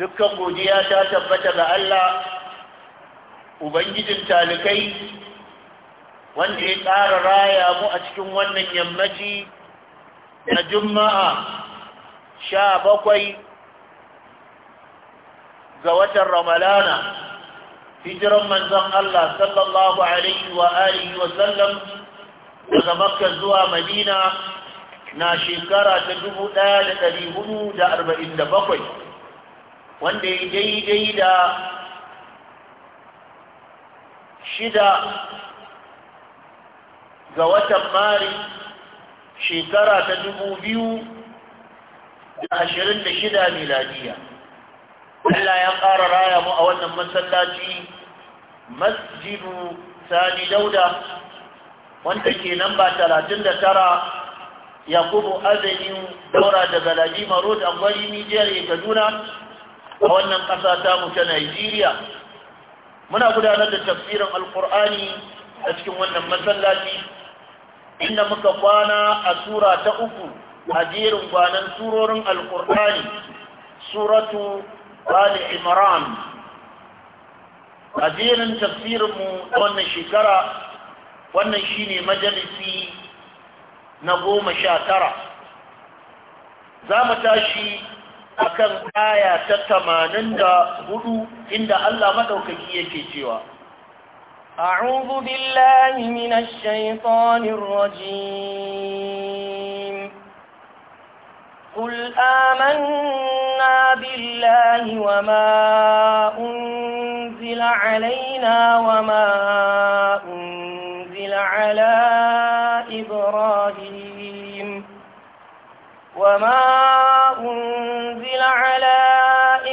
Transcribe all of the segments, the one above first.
dukkan godiya ta tabbata ga Allah ubangijin talikai wanda ya ƙara raya mu a cikin wannan yammaci na juma'a sha bakwai ga watan ramalana hijiran manzon Allah sallallahu alaihi wa alihi wa sallam daga makka zuwa madina na shekara ta dubu ɗaya da hudu da arba'in da bakwai wanda ya daidai da shida ga watan mari shekara ta dubu biyu da ashirin da shida miladiya Allah ya ƙara raya mu a wannan masallaci masjidu sani dauda wanda ke nan ba talatin da tara yakubu azanin daura daga ladima road a gwari nijiyar kaduna a wannan ƙasa tamu ta Najeriya muna gudanar da tafsirin alkur'ani a cikin wannan masallaci inda muka kwana a sura ta uku a jerin kwanan surorin Alƙur'ani, suratu ali imran a jerin tafsirinmu wannan shekara wannan shine majalisi na goma sha tara za mu tashi akan aya ta tamanin da hudu inda Allah madaukaki yake cewa أعوذ بالله من الشيطان الرجيم قل آمنا بالله وما أنزل علينا وما أنزل على إبراهيم وما أنزل على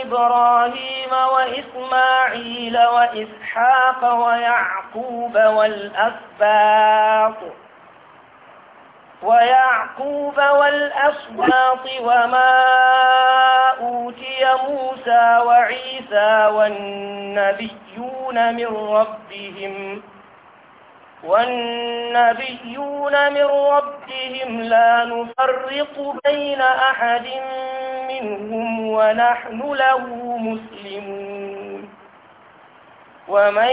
إبراهيم وإسماعيل وإسحاق ويعقوب والأسباط ويعقوب والأسباط وما أوتي موسى وعيسى والنبيون من ربهم والنبيون من ربهم لا نفرق بين أحد منهم ونحن له مسلمون ومن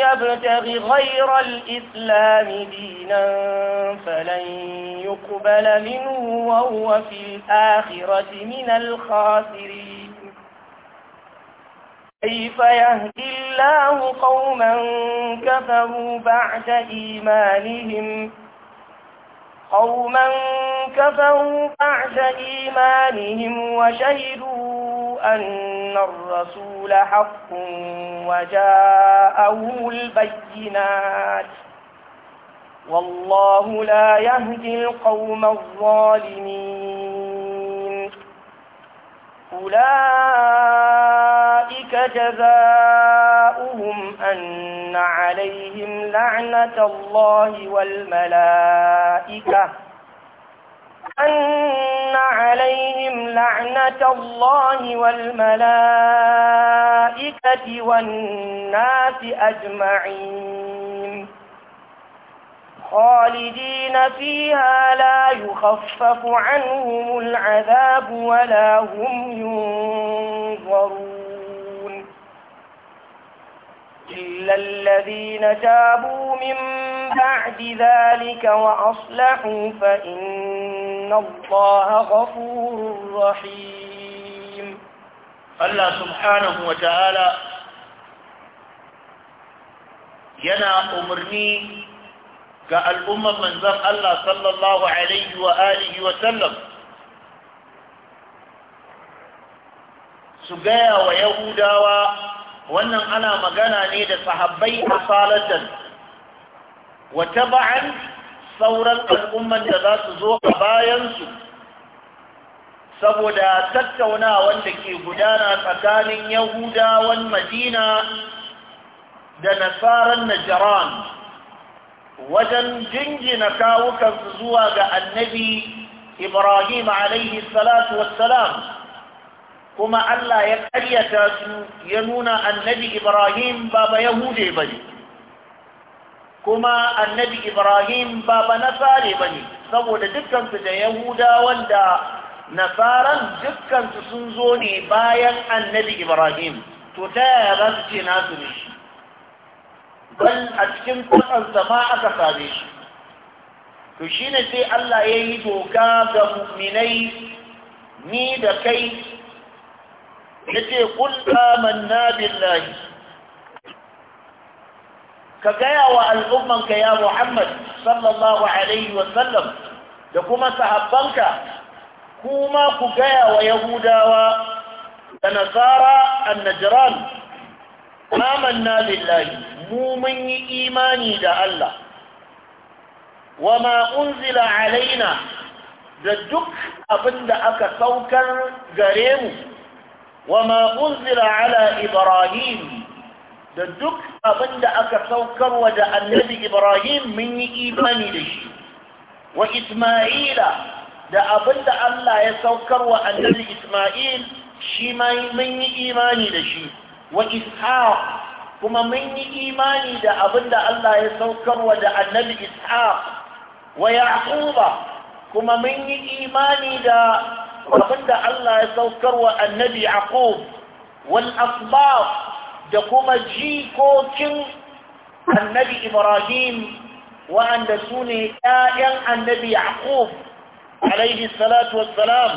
يبتغ غير الإسلام دينا فلن يقبل منه وهو في الآخرة من الخاسرين كيف يهدي الله قوما كفروا بعد إيمانهم قوما كفروا بعد إيمانهم وشهدوا أن الرسول حق وجاءه البينات والله لا يهدي القوم الظالمين أولئك أولئك جزاؤهم أن عليهم لعنة الله والملائكة أن عليهم لعنة الله والملائكة والناس أجمعين خالدين فيها لا يخفف عنهم العذاب ولا هم ينظرون إلا الذين تابوا من بعد ذلك وأصلحوا فإن الله غفور رحيم الله سبحانه وتعالى ينا أمرني كالأمة من ذر الله صلى الله عليه وآله وسلم سجايا ويهودا wannan ana magana ne da sahabbai Salatan, wata ba'an sauran al'umman da za su zo a bayansu saboda tattaunawan da ke gudana tsakanin yahudawan madina da nasaran najaran wajen jingina kawukansu zuwa ga annabi ibrahim alaihi salatu kuma Allah ya ƙaryata su ya nuna annabi Ibrahim Baba Yahude ba ne, kuma annabi Ibrahim Baba ba Nasare ba ne, saboda dukkansu da Yahuda wanda Nasaran dukkansu sun zo ne bayan annabi Ibrahim, to ta yaya za su ce nasu ne shi, bal a cikin kwatsansa ma aka same shi. To shi ne sai Allah ya yi doka ga muminai ni da kai yace qul amanna billahi ka gaya wa al'ummanka ya Muhammad sallallahu alaihi wa sallam da kuma sahabbanka kuma ku gaya wa Yahudawa da Nasara annajiran amanna billahi mu mun yi imani da Allah wa maunzila unzila alaina da duk abin da aka saukar gare mu Wa أنزل على Ibrahim da duk abin da aka saukarwa da annabi Ibrahim mun yi imani da shi wa Ismaila da abin da Allah ya saukarwa annabi Ismail shi ma mun yi imani da shi wa Ishaq kuma mun yi imani da abin da Allah ya saukarwa da annabi Ishaq wa Yaquba kuma mun yi imani da abinda Allah ya saukarwa annabi Yaqub wal asbab da kuma jikokin annabi Ibrahim wa'anda su ne ‘ya'yan annabi Yaqub alaihi salatu wassalam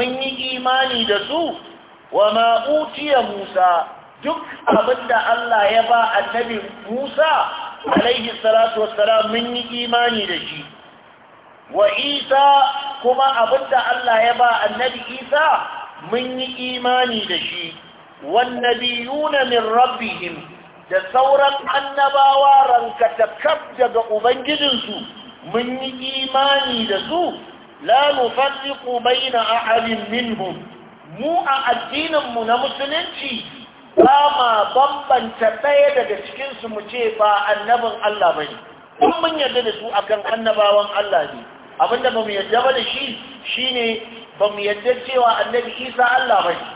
mun yi imani da su wa ma'utiya Musa duk abinda Allah ya ba annabi Musa alaihi salatu wassalam mun yi imani da shi wa Isa kuma abinda Allah ya ba annabi Isa mun yi imani da shi wannabiyuna min rabbihim da sauran annabawa rankatakab daga ubangijinsu mun yi imani da su la nufarriqu baina ahadin minhum mu a addinin mu na musulunci ba ma bambanta ɗaya daga cikinsu mu ce ba annabin Allah bane kun mun yarda da su akan annabawan Allah ne abinda ba mu yadda ba da shi shine ba mu yadda cewa annabi isa Allah ba ne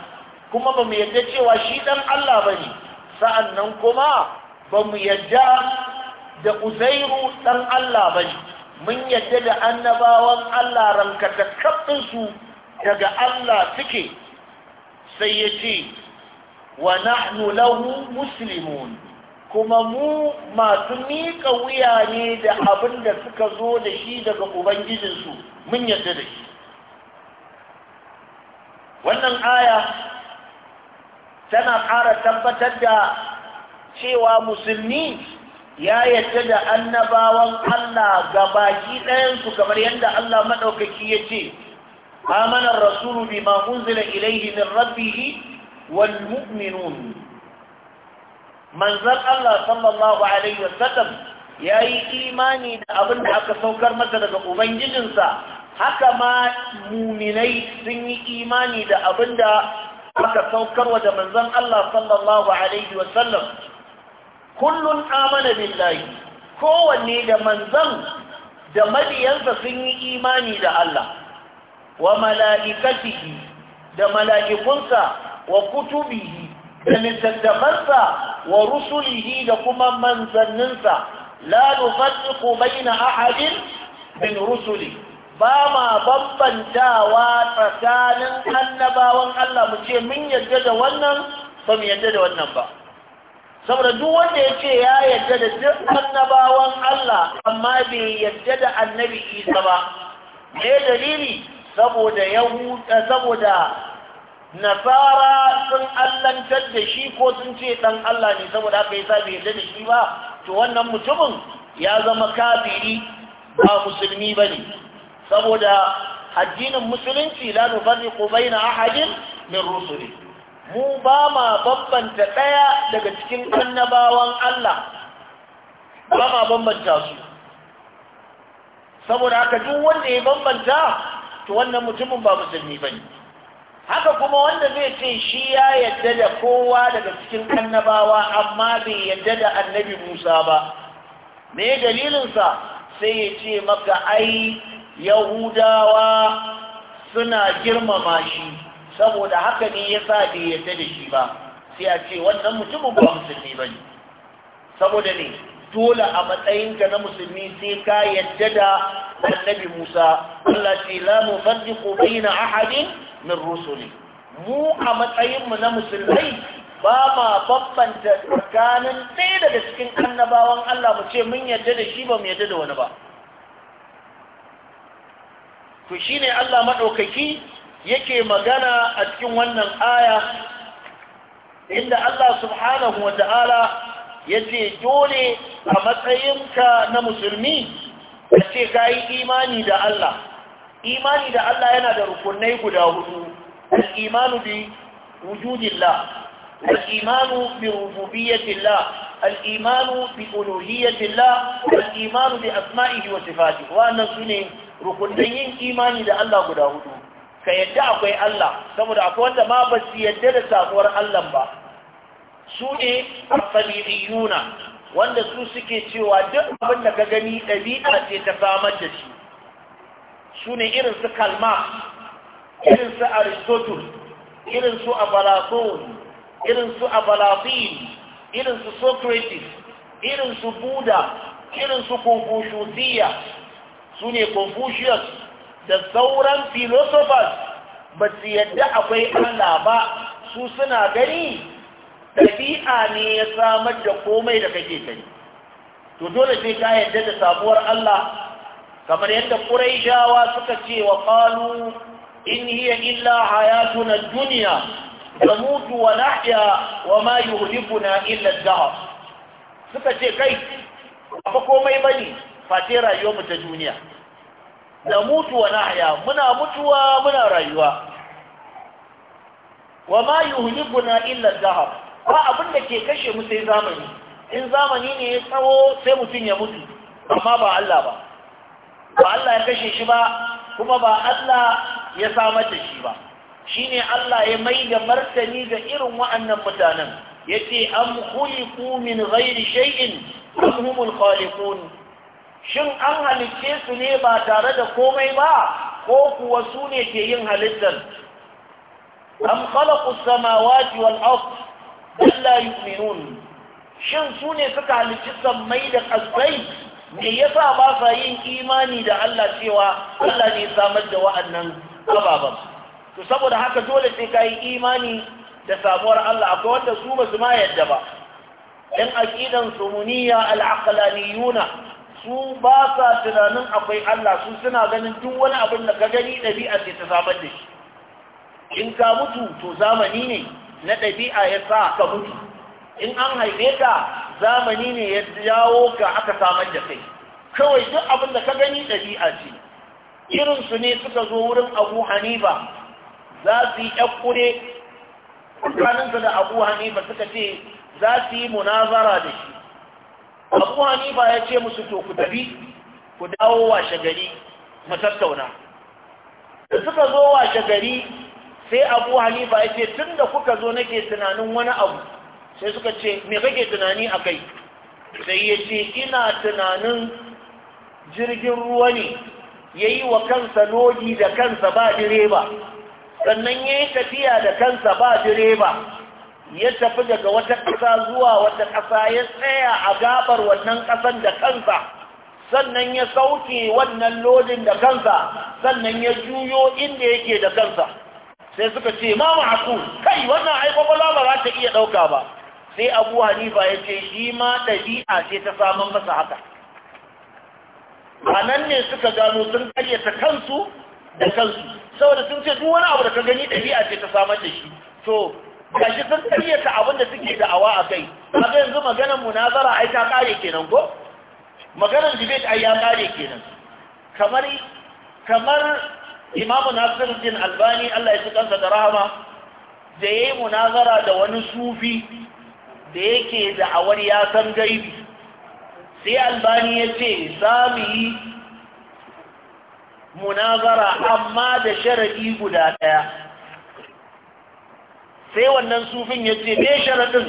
kuma ba mu yadda cewa shi dan Allah ba ne sa'annan kuma ba mu yadda da uzairu ɗan Allah ba ne mun yadda da annabawan Allah rankata kaɗinsu daga Allah suke sai ya ce wa nahnu lahu muslimun kuma mu masu miƙa wuya ne da abin da suka zo da shi daga ubangijinsu mun yarda da shi wannan aya tana ƙara tabbatar da cewa musulmi ya yarda da annabawan Allah ga baki ɗayansu kamar yadda Allah maɗaukaki ya ce amanar rasulu bima unzila ilaihi min rabbihi wal mu'minun manzan Allah sallallahu alaihi wasallam yayi imani da abin da aka saukar masa daga ubangijinsa haka ma muminai sun yi imani da abin da aka saukar wa da manzon Allah sallallahu alaihi wasallam kullun amana billahi kowanne da manzan da madiyansa, sun yi imani da Allah wa mala'ikatihi da mala'ikunsa wa kutubihi da littattafansa wa rusulihi da kuma manzanninsa la nufarriqu baina ahadin min rusuli ba ma bambantawa tsakanin annabawan Allah mu ce mun yarda da wannan ba mu yarda da wannan ba saboda duk wanda ya ce ya yarda da duk annabawan Allah amma bai yarda da annabi Isa ba me dalili saboda yahuda saboda nasara sun allantar da shi ko sun ce dan Allah ne saboda aka yi sabi yadda da shi ba to wannan mutumin ya zama kafiri ba musulmi bane saboda addinin musulunci la nufarriqu baina ahadin min rusuli mu ba ma bambanta daya daga cikin annabawan Allah ba ma bambanta su saboda haka duk wanda ya bambanta to wannan mutumin ba musulmi ne. haka kuma wanda zai ce shi ya yadda da kowa daga cikin annabawa amma bai yadda da annabi musa ba me dalilinsa sai ya ce maka ai yahudawa suna girmama shi saboda haka ne ya sa bai yadda da shi ba sai a ce wannan mutumin ba musulmi ba ne saboda ne dole a matsayinka na musulmi sai ka yadda da annabi Musa Allah ce la mufarriqu baina ahadin min rusuli mu a matsayin mu na musulmai ba ma babbanta tsakanin ɗaya daga cikin annabawan Allah mu ce mun yadda da shi ba mu yadda da wani ba to shine Allah madaukaki yake magana a cikin wannan aya inda Allah subhanahu wa ta'ala ya ce dole a matsayinka na musulmi ka ce ka yi imani da Allah imani da Allah yana da rukunai guda hudu al'imanu bi wujudillah al'imanu bi rububiyyatillah al'imanu bi uluhiyyatillah al'imanu bi asma'ihi wa sifati wannan su ne rukunan yin imani da Allah guda hudu ka yadda akwai Allah saboda akwai wanda ma ba su yadda da samuwar Allah ba su ne asaliyuna wanda su suke cewa duk abin da ka gani ɗabi'a ce ta samar da shi su ne irin su kalma irin su aristotle irin su abalatone irin su abalatine irin su socrates irin su buda irin su confuciusiya su ne confucius da sauran philosophers ba su yadda akwai allah ba su suna gani ɗabi'a ne ya samar da komai da kake gani to dole sai ka yarda da sabuwar Allah kamar yadda Quraishawa suka ce wa qalu in hiya illa hayatuna duniya da mutu wa nahya wa ma yuhlikuna illa ad suka ce kai ba komai bane face rayuwar mu ta duniya Da mutu wa nahya muna mutuwa muna rayuwa wa ma yuhlikuna illa ad ba abin da ke kashe mu sai zamani in zamani ne ya tsawo sai mutum ya mutu amma ba Allah ba ba Allah ya kashe shi ba kuma ba Allah ya samar da shi ba shine Allah ya mai da martani ga irin wa'annan mutanen yace am khuliqu min ghairi shay'in am humul khaliqun shin an halicce su ne ba tare da komai ba ko kuwa su ne ke yin halittar am khalaqu samawati wal ard Allah yu'minun shin su ne suka halicci sammai da kasai me yasa ba sa yin imani da Allah cewa Allah ne samar da wa'annan ababan to saboda haka dole sai ka yi imani da samuwar Allah akwai wanda su ba su ma yadda ba ɗan aƙidan sumuniya al'aqlaniyuna su ba sa tunanin akwai Allah su suna ganin duk wani abin da ka gani ɗabi'a ce ta samar da shi in ka mutu to zamani ne na ɗabi'a ya sa ka mutu in an haife ka zamani ne ya jawo ka aka samar da kai kawai duk abin da ka gani ɗabi'a ce irinsu ne suka zo wurin abu hanifa za su yi ƙure tsakaninsu da abu hanifa suka ce za su yi munazara da shi abu hanifa ya ce musu to ku tafi ku dawo washe gari mu da suka zo washe gari sai abu hanifa ya ce tun da kuka zo nake tunanin wani abu sai suka ce me kake tunani a kai sai ya ce ina tunanin jirgin ruwa ne ya yi wa kansa loji da kansa ba direba sannan ya yi tafiya da kansa ba direba ya tafi daga wata ƙasa zuwa wata ƙasa ya tsaya a gabar wannan ƙasan da kansa sannan ya sauke wannan lodin da kansa sannan ya juyo inda yake da kansa sai suka ce ma ma'aku kai wannan ai kwakwalwa ba za ta iya ɗauka ba sai abu hanifa ya ce shi ma ɗabi'a ce ta samun masa haka a nan ne suka gano sun karyata kansu da kansu saboda sun ce duk wani abu da ka gani ɗabi'a ce ta samar da shi to gashi sun karyata abin da suke da awa a kai kaga yanzu maganar munazara ai ta kare kenan ko maganar debate ai ya kare kenan kamar kamar imamu nasiruddin albani Allah ya ci kansa da rahama da yayi munazara da wani sufi da yake da awar ya san gaibi sai albani ya ce za mu yi munazara amma da sharaɗi guda ɗaya sai wannan sufin ya ce me sharaɗin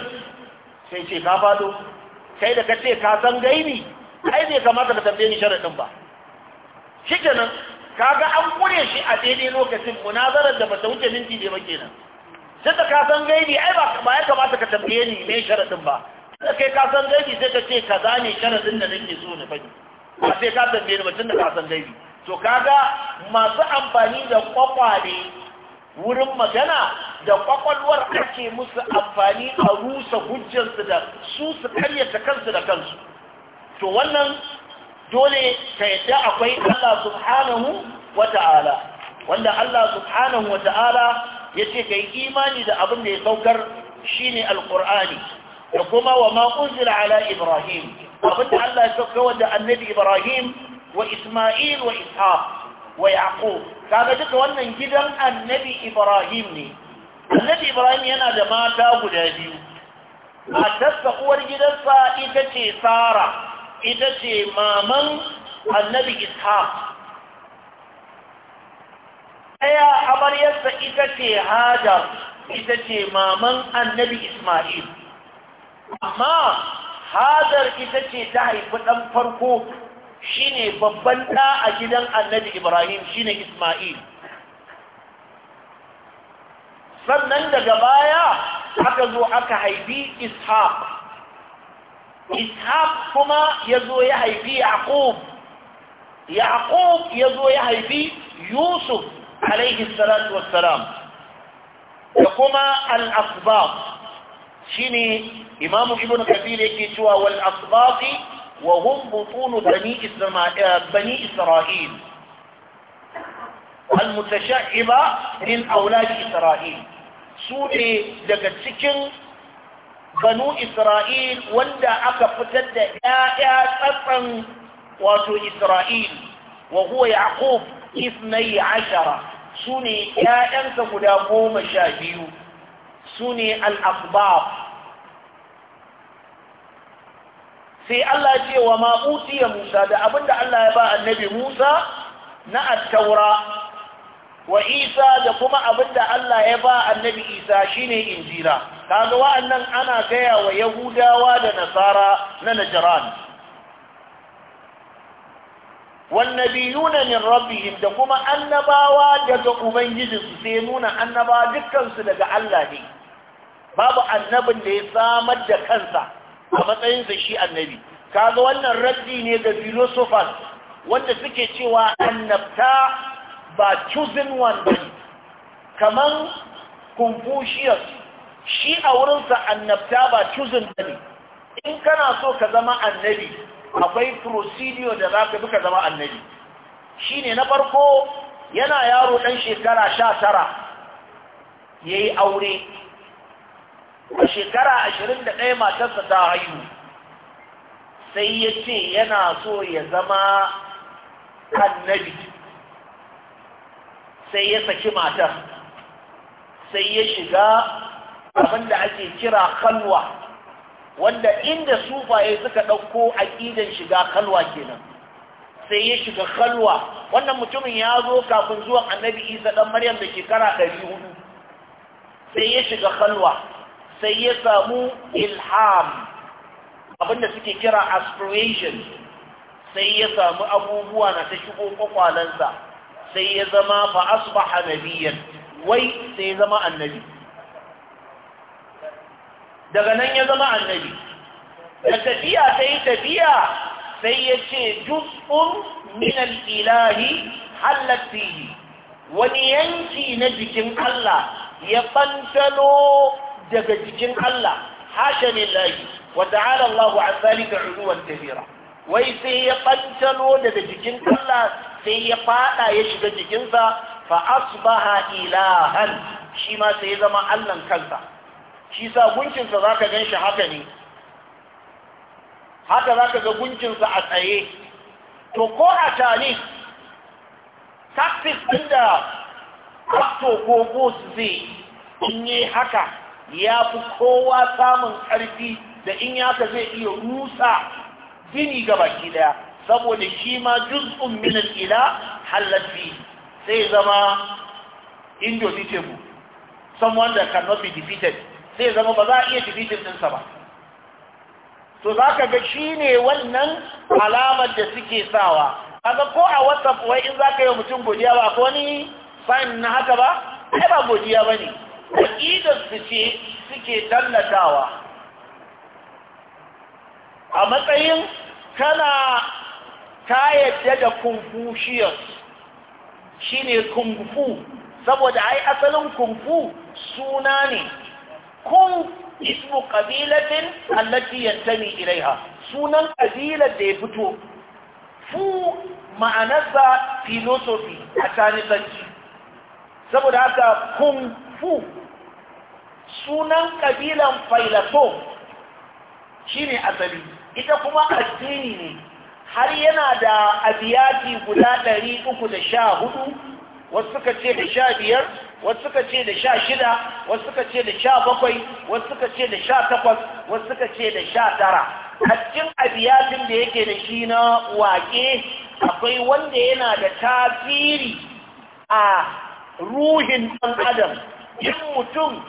sai ce ka fado sai da ka ce ka san gaibi ai bai kamata ka tambaye ni sharaɗin ba shi kenan kaga an kure shi a daidai lokacin munazarar da bata wuce minti da ba kenan sai ta ka san gaibi ai ba ba ya kamata ka tambaye ni me sharadin ba sai kai ka san gaibi sai ka ce kaza ne sharadin da nake so na faɗi ba sai ka tambaye ni ba da ka san gaibi to kaga masu amfani da kwakwale wurin magana da kwakwalwar ake musu amfani a rusa hujjansu da su su karyata kansu da kansu to wannan dole ka yadda akwai Allah subhanahu wa ta'ala wanda Allah subhanahu wa ta'ala ya ce ka yi imani da abin da ya saukar shi ne alƙur'ani da kuma wa ma'unzila ala ibrahim abin da Allah ya sauka wanda annabi ibrahim wa isma'il wa ishaq wa yaqub kaga duka wannan gidan annabi ibrahim ne annabi ibrahim yana da mata guda biyu matarsa uwar gidansa ita ce sara ita ce maman annabi ishaq ɗaya amaryarsa ita ce hajar ita ce maman annabi ismail amma hajar ita ce ta haifi ɗan farko shine babban ɗa a gidan annabi ibrahim shine ismail sannan daga baya aka zo aka haifi ishaq ishaq kuma ya zo ya haifi yaqub yaqub ya zo ya haifi yusuf alaihi salatu wassalam da kuma al-asbab shine imamu ibnu kabir yake cewa wal asbabi wa hum butun bani isra'il al-mutashaiba min aulad isra'il su ne daga cikin banu isra'il wanda aka fitar da ‘ya'ya tsatsan wato isra'il wa huwa yaqub isnai ashara su ne ‘ya'yansa guda goma sha biyu su ne al'akbab sai Allah ce wa ma'utiya musa da abinda Allah ya ba annabi musa na attaura wa isa da kuma abinda Allah ya ba annabi isa shine injira kaga wa'annan ana gaya wa yahudawa da nasara na najran wannabiyuna min rabbihim da kuma annabawa daga ubangijinsu sai nuna annaba dukkansu daga Allah ne babu annabin da ya samar da kansa a matsayinsa shi annabi kaga wannan raddi ne ga philosophers wanda suke cewa annabta ba chosen one ba kaman confucius shi a wurinsa annabta ba chosen ba ne in kana so ka zama annabi akwai procedure da za ka bi zama annabi shi ne na farko yana yaro ɗan shekara sha tara ya yi aure a shekara ashirin da ɗaya matarsa ta haihu sai ya ce yana so ya zama annabi sai ya saki matar sai ya shiga abin da ake kira kalwa wanda inda sufaye suka ɗauko aƙidan shiga kalwa kenan sai ya shiga kalwa wannan mutumin ya zo kafin zuwan annabi isa ɗan maryam da shekara ɗari hudu sai ya shiga kalwa sai ya samu ilham abinda suke kira aspiration sai ya samu abubuwa na ta shigo kwakwalensa sai ya zama ba asbaha nabiyyan wai sai ya zama annabi daga nan ya zama annabi da tafiya sai tafiya sai ya ce juz'un min al-ilahi halatti wani yanki na jikin Allah ya bantalo daga jikin Allah hasha lillahi wa ta'ala Allah an zalika kabira wai sai ya bantalo daga jikin Allah sai ya fada ya shiga jikinsa fa asbaha ilahan shi ma sai ya zama allan kansa shi sa gunkinsa za ka gan haka ne haka za ka ga gunkinsa a tsaye to ko a tani taktis ɗin da ko gosu zai in yi haka ya fi kowa samun ƙarfi da in yaka zai iya rusa gini ga baki daya saboda shi ma juz'un min al-ila halatti sai zama indomitable someone that cannot be defeated sai zama ba za a iya defeating ɗinsa ba to zaka ga shi ne wannan alamar da suke sawa kaga ko a whatsapp wai in zaka yi mutum godiya ba ko ni sign na haka ba ai ba godiya ba ne su ce suke tallatawa a matsayin kana ta yadda da confucius shine kung fu saboda ai asalin kung fu suna ne kung ismu qabilatin allati yantami ilaiha sunan qabilar da ya fito fu ma'anarsa philosophy a tanisanci saboda haka kung fu sunan kabilan filosof shine asali ita kuma addini ne har yana da abiyati guda ɗari uku da sha hudu wasu suka ce da sha biyar wasu suka ce da sha shida wasu suka ce da sha bakwai wasu suka ce da sha takwas wasu suka ce da sha tara a cikin abiyatin da yake da shi na waƙe akwai wanda yana da tasiri a ruhin ɗan adam in mutum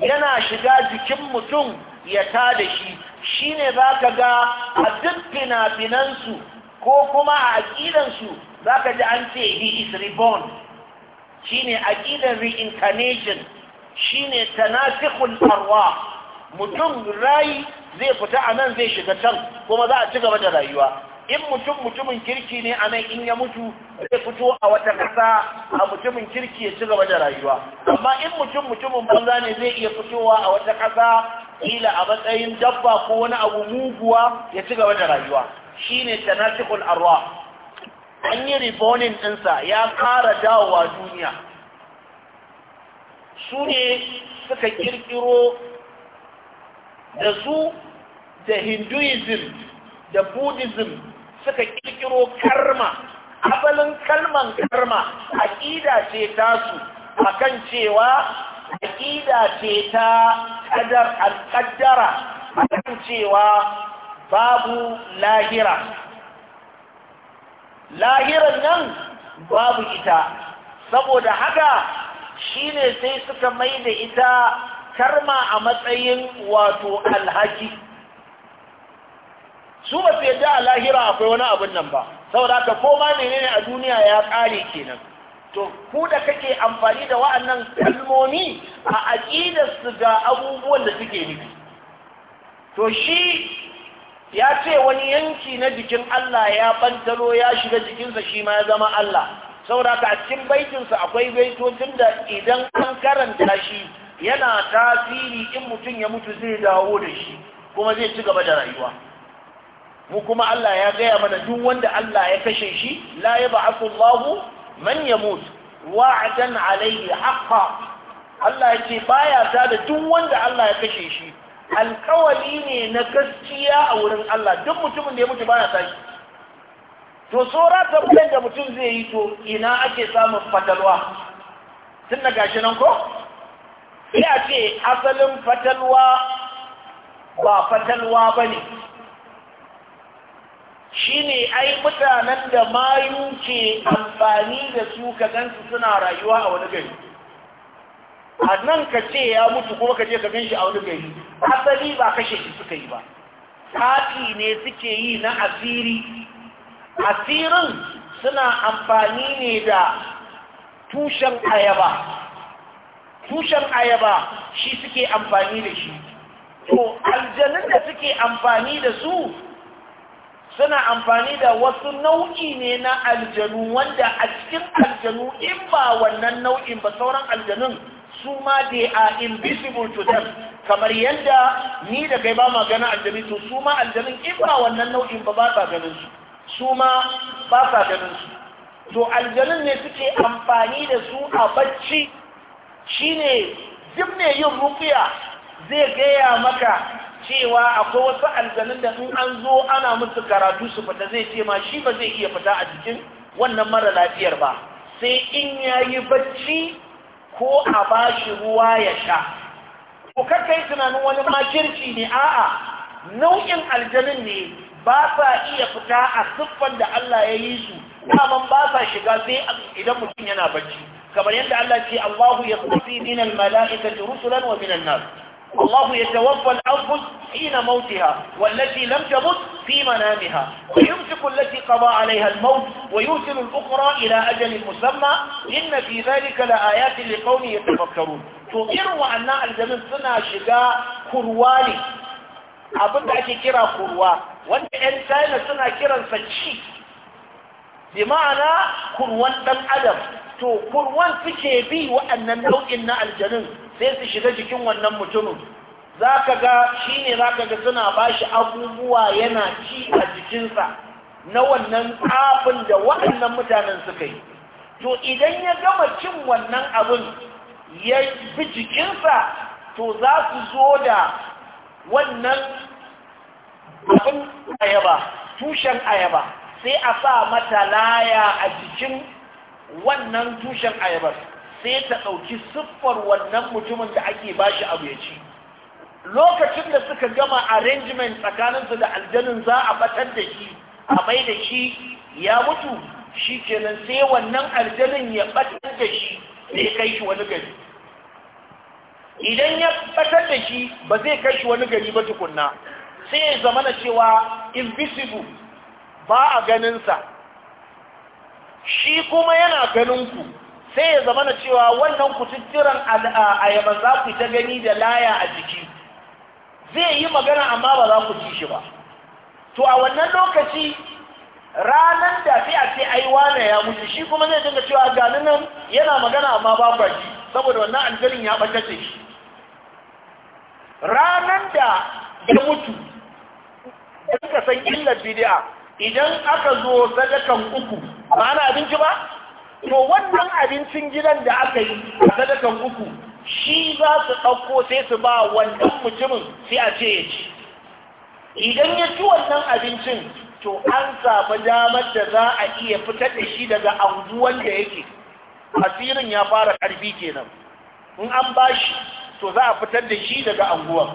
yana shiga jikin mutum ya ta da shi shi ne za ka ga a duk fina-finansu ko kuma a aƙidansu za ka ji an ce he is reborn shi ne aƙidan reincarnation shi ne tanasikul arwa mutum rai zai fita a nan zai shiga can kuma za a ci gaba da rayuwa in mutum mutumin kirki ne a nan in ya mutu zai fito a wata ƙasa a mutumin kirki ya ci gaba da rayuwa amma in mutum mutumin banza ne zai iya fitowa a wata ƙasa kila a matsayin dabba ko wani abu muguwa ya ci gaba da rayuwa shi shine tanatikul arwa an yi ribonin ɗinsa ya ƙara dawowa duniya su ne suka kirkiro da su da hinduism da buddhism suka ƙirƙiro karma abalin kalman karma aƙida ce tasu a kan cewa aƙida ce ta ƙadar alƙaddara akan cewa babu lahira lahiran nan babu ita saboda haka shi ne sai suka mai da ita karma a matsayin wato alhaki su ba su yadda a lahira akwai wani abin nan ba saboda haka koma ne ne a duniya ya ƙare kenan to ku da kake amfani da wa'annan kalmomi a aƙidar su ga abubuwan da suke nufi to shi ya ce wani yanki na jikin Allah ya bantaro ya shiga jikinsa shi ma ya zama Allah saboda a cikin baitinsa akwai baitocin da idan an karanta shi yana tasiri in mutum ya mutu zai dawo da shi kuma zai ci gaba da rayuwa mu kuma Allah ya gaya mana duk wanda Allah ya kashe shi la ya ba'athu Allahu man yamut wa'dan alayhi haqqan Allah yake baya ta da duk wanda Allah ya kashe shi alkawali ne na gaskiya a wurin Allah duk mutumin da ya mutu baya tashi to tsora tabbatar da mutum zai yi to ina ake samun fatalwa tun na gashi nan ko sai ce asalin fatalwa ba fatalwa ba ne shine ai mutanen da mayu ke amfani da su ka gansu suna rayuwa a wani gari a nan ka ce ya mutu kuma ka je ka gan shi a wani gari asali ba kashe shi suka yi ba sati ne suke yi na asiri asirin suna amfani ne da tushen ayaba tushen ayaba shi suke amfani da shi to aljanun da suke amfani da su suna amfani da wasu nau'i ne na aljanu wanda a cikin aljanu in ba wannan nau'in ba sauran aljanun su ma they a invisible to them kamar yadda ni da kai ba ma aljanu to su ma aljanun in ba wannan nau'in ba ba sa ganin su su ma ba sa ganin su to aljanun ne suke amfani da su a bacci shine duk ne yin rukiya zai gaya maka cewa akwai wasu aljanun da in an zo ana musu karatu su fita zai ce ma shi ba zai iya fita a jikin wannan mara lafiyar ba sai in ya yi bacci ko a bashi ruwa ya sha ku kai tunanin wani makirci ne a'a nau'in aljanun ne ba sa iya fita a siffan da Allah ya yi su daman ba sa shiga sai idan mutum yana bacci kamar yadda Allah ce Allahu ya kusi min al-mala'ikati rusulan wa min an-nas الله يتوفى الأنفس حين موتها والتي لم تمت في منامها ويمسك التي قضى عليها الموت ويرسل الأخرى إلى أجل مسمى إن في ذلك لآيات لقوم يتفكرون تؤمروا أن الزمن سنة شقاء كروالي أبدا كرا كروا وأن إنسان سنة كرا فتشي بمعنى كروان دم أدم to kurwan suke bi waɗannan nau'in na aljanin sai su shiga jikin wannan mutumin za ka ga shi ne za ka ga suna ba shi abubuwa yana ci a jikinsa na wannan tsafin da waɗannan mutanen suka yi to idan ya gama cin wannan abin ya bi jikinsa to za su zo da wannan abin ayaba tushen ayaba sai a sa mata laya a jikin wannan tushen ayabar sai ta ɗauki siffar wannan mutumin da ake bashi abu ya ci lokacin da suka gama arrangement tsakaninsu da aljanin za a batar da shi a mai da shi ya mutu shi kenan sai wannan aljanin ya batar da shi zai kai shi wani gari idan ya batar da shi ba zai kai shi wani gari ba tukunna sai ya zama na cewa invisible ba a ganinsa shi kuma yana ganin ku. sai ya zama na cewa wannan kututturan ayaban za ku ta gani da laya a jiki zai yi magana amma ba za ku ci shi ba to a wannan lokaci ranar da sai a ce ai wane ya mutu shi kuma zai dinga cewa ga nan yana magana amma ba ku ji saboda wannan aljarin ya ɓallace shi ranar da ya mutu ka san illar bidi'a idan aka zo sadakan uku ba ana abinci ba to wannan abincin gidan da aka yi a sadakan uku shi za su ɗauko sai su ba wannan mutumin sai a ce ya ci idan ya ci wannan abincin to an samu damar da za a iya fitar da shi daga anguwan da yake asirin ya fara ƙarfi kenan in an ba shi to za a fitar da shi daga anguwan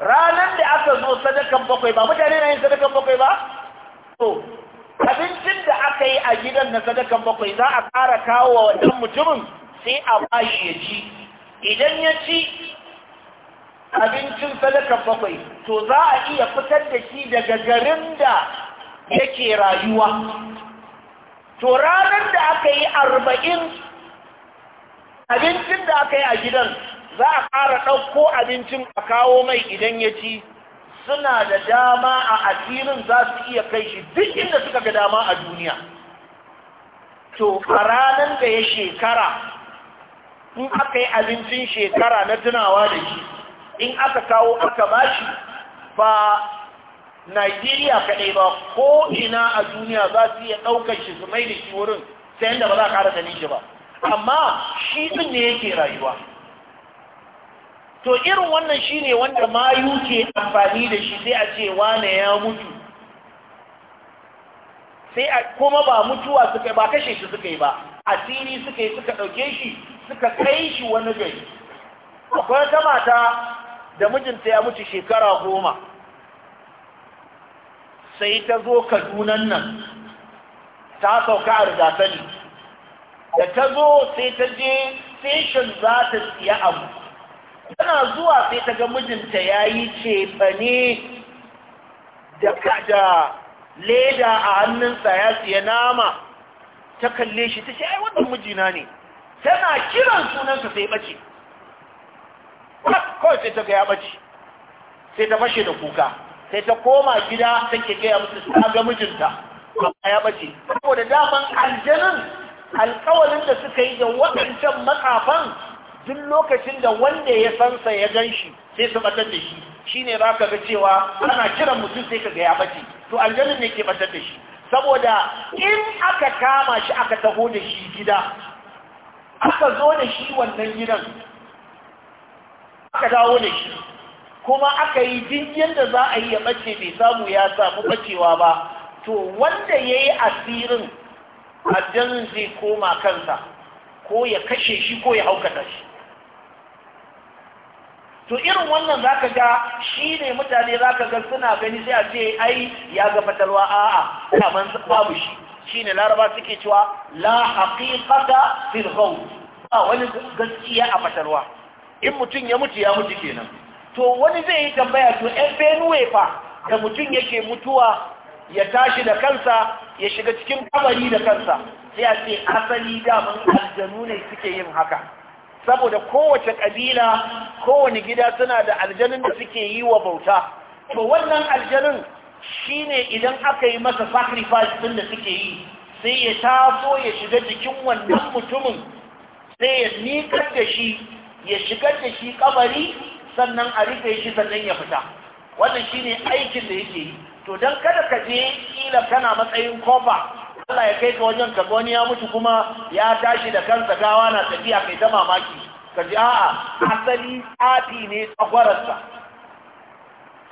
ranar da aka zo sadakan bakwai ba mutane na yin sadakan bakwai ba to abincin da aka yi a gidan na sadakan bakwai za a ƙara kawo wa wannan mutumin sai a bashi ya ci idan ya ci abincin sadakan bakwai to za a iya fitar da shi daga garin da yake rayuwa to ranar da aka yi arba'in abincin da aka yi a gidan za a ƙara ɗauko abincin a kawo mai idan ya ci suna da dama a asirin za su iya kai shi duk inda suka ga dama a duniya to a ranar da ya shekara in aka yi abincin shekara na tunawa da shi in aka kawo aka bashi ba nigeria kaɗai ba ko ina a duniya za su iya ɗaukar shi su mai da shi wurin sayan da ba za a ƙara ganin shi ba amma shi ɗin ne yake rayuwa to irin wannan shine wanda mayu ke amfani da shi sai a ce wane ya mutu sai a kuma ba mutuwa suka ba kashe shi suka yi ba asiri suka yi suka ɗauke shi suka kai shi wani gari akwai wata mata da mijinta ya mutu shekara goma sai ta zo kadunan nan ta sauka a rigasani da ta zo sai ta je station za ta siya abu tana zuwa sai ta ga mijinta ya yi cefane da kada leda a hannunsa ya siya nama ta kalle shi ta ce ai wannan mijina ne tana kiran sunansa sai bace kawai sai ta ga ya bace sai ta fashe da kuka sai ta koma gida ta ke gaya musu ta ga mijinta amma ya bace saboda daman aljanin alkawalin da suka yi da waɗancan matsafan duk lokacin da wanda ya sansa ya gan shi sai su batar da shi shine za ka ga cewa ana kiran mutum sai ka ga ya bace to aljanin ne ke batar da shi saboda in aka kama shi aka taho da shi gida aka zo da shi wannan gidan aka dawo da shi kuma aka yi dingin da za a yi ya bace bai samu ya samu bacewa ba to wanda ya yi asirin aljanin zai koma kansa ko ya kashe shi ko ya haukata shi to irin wannan za ka ga shine mutane za ka ga suna gani sai a ce ai ya ga fatalwa a'a kaman babu shi shi ne laraba suke cewa la haqiqata fil ghaw ba wani gaskiya a fatalwa in mutum ya mutu ya mutu kenan to wani zai yi tambaya to ɗan benue fa da mutum yake mutuwa ya tashi da kansa ya shiga cikin kabari da kansa sai a ce asali daman aljanu ne suke yin haka saboda kowace kabila kowane gida suna da aljanin da suke yi wa bauta to wannan aljanin shine idan aka yi masa sacrifice din da suke yi sai ya taso ya shiga jikin wannan mutumin sai ya nikar da shi ya shigar da shi kabari sannan a rufe shi sannan ya fita wannan shine aikin da yake yi to dan kada ka je kila kana matsayin kofa Allah ya kai ka wajen ka wani ya mutu kuma ya tashi da kansa gawa na tafiya kai ta mamaki ka ji a'a asali tsafi ne tsagwararsa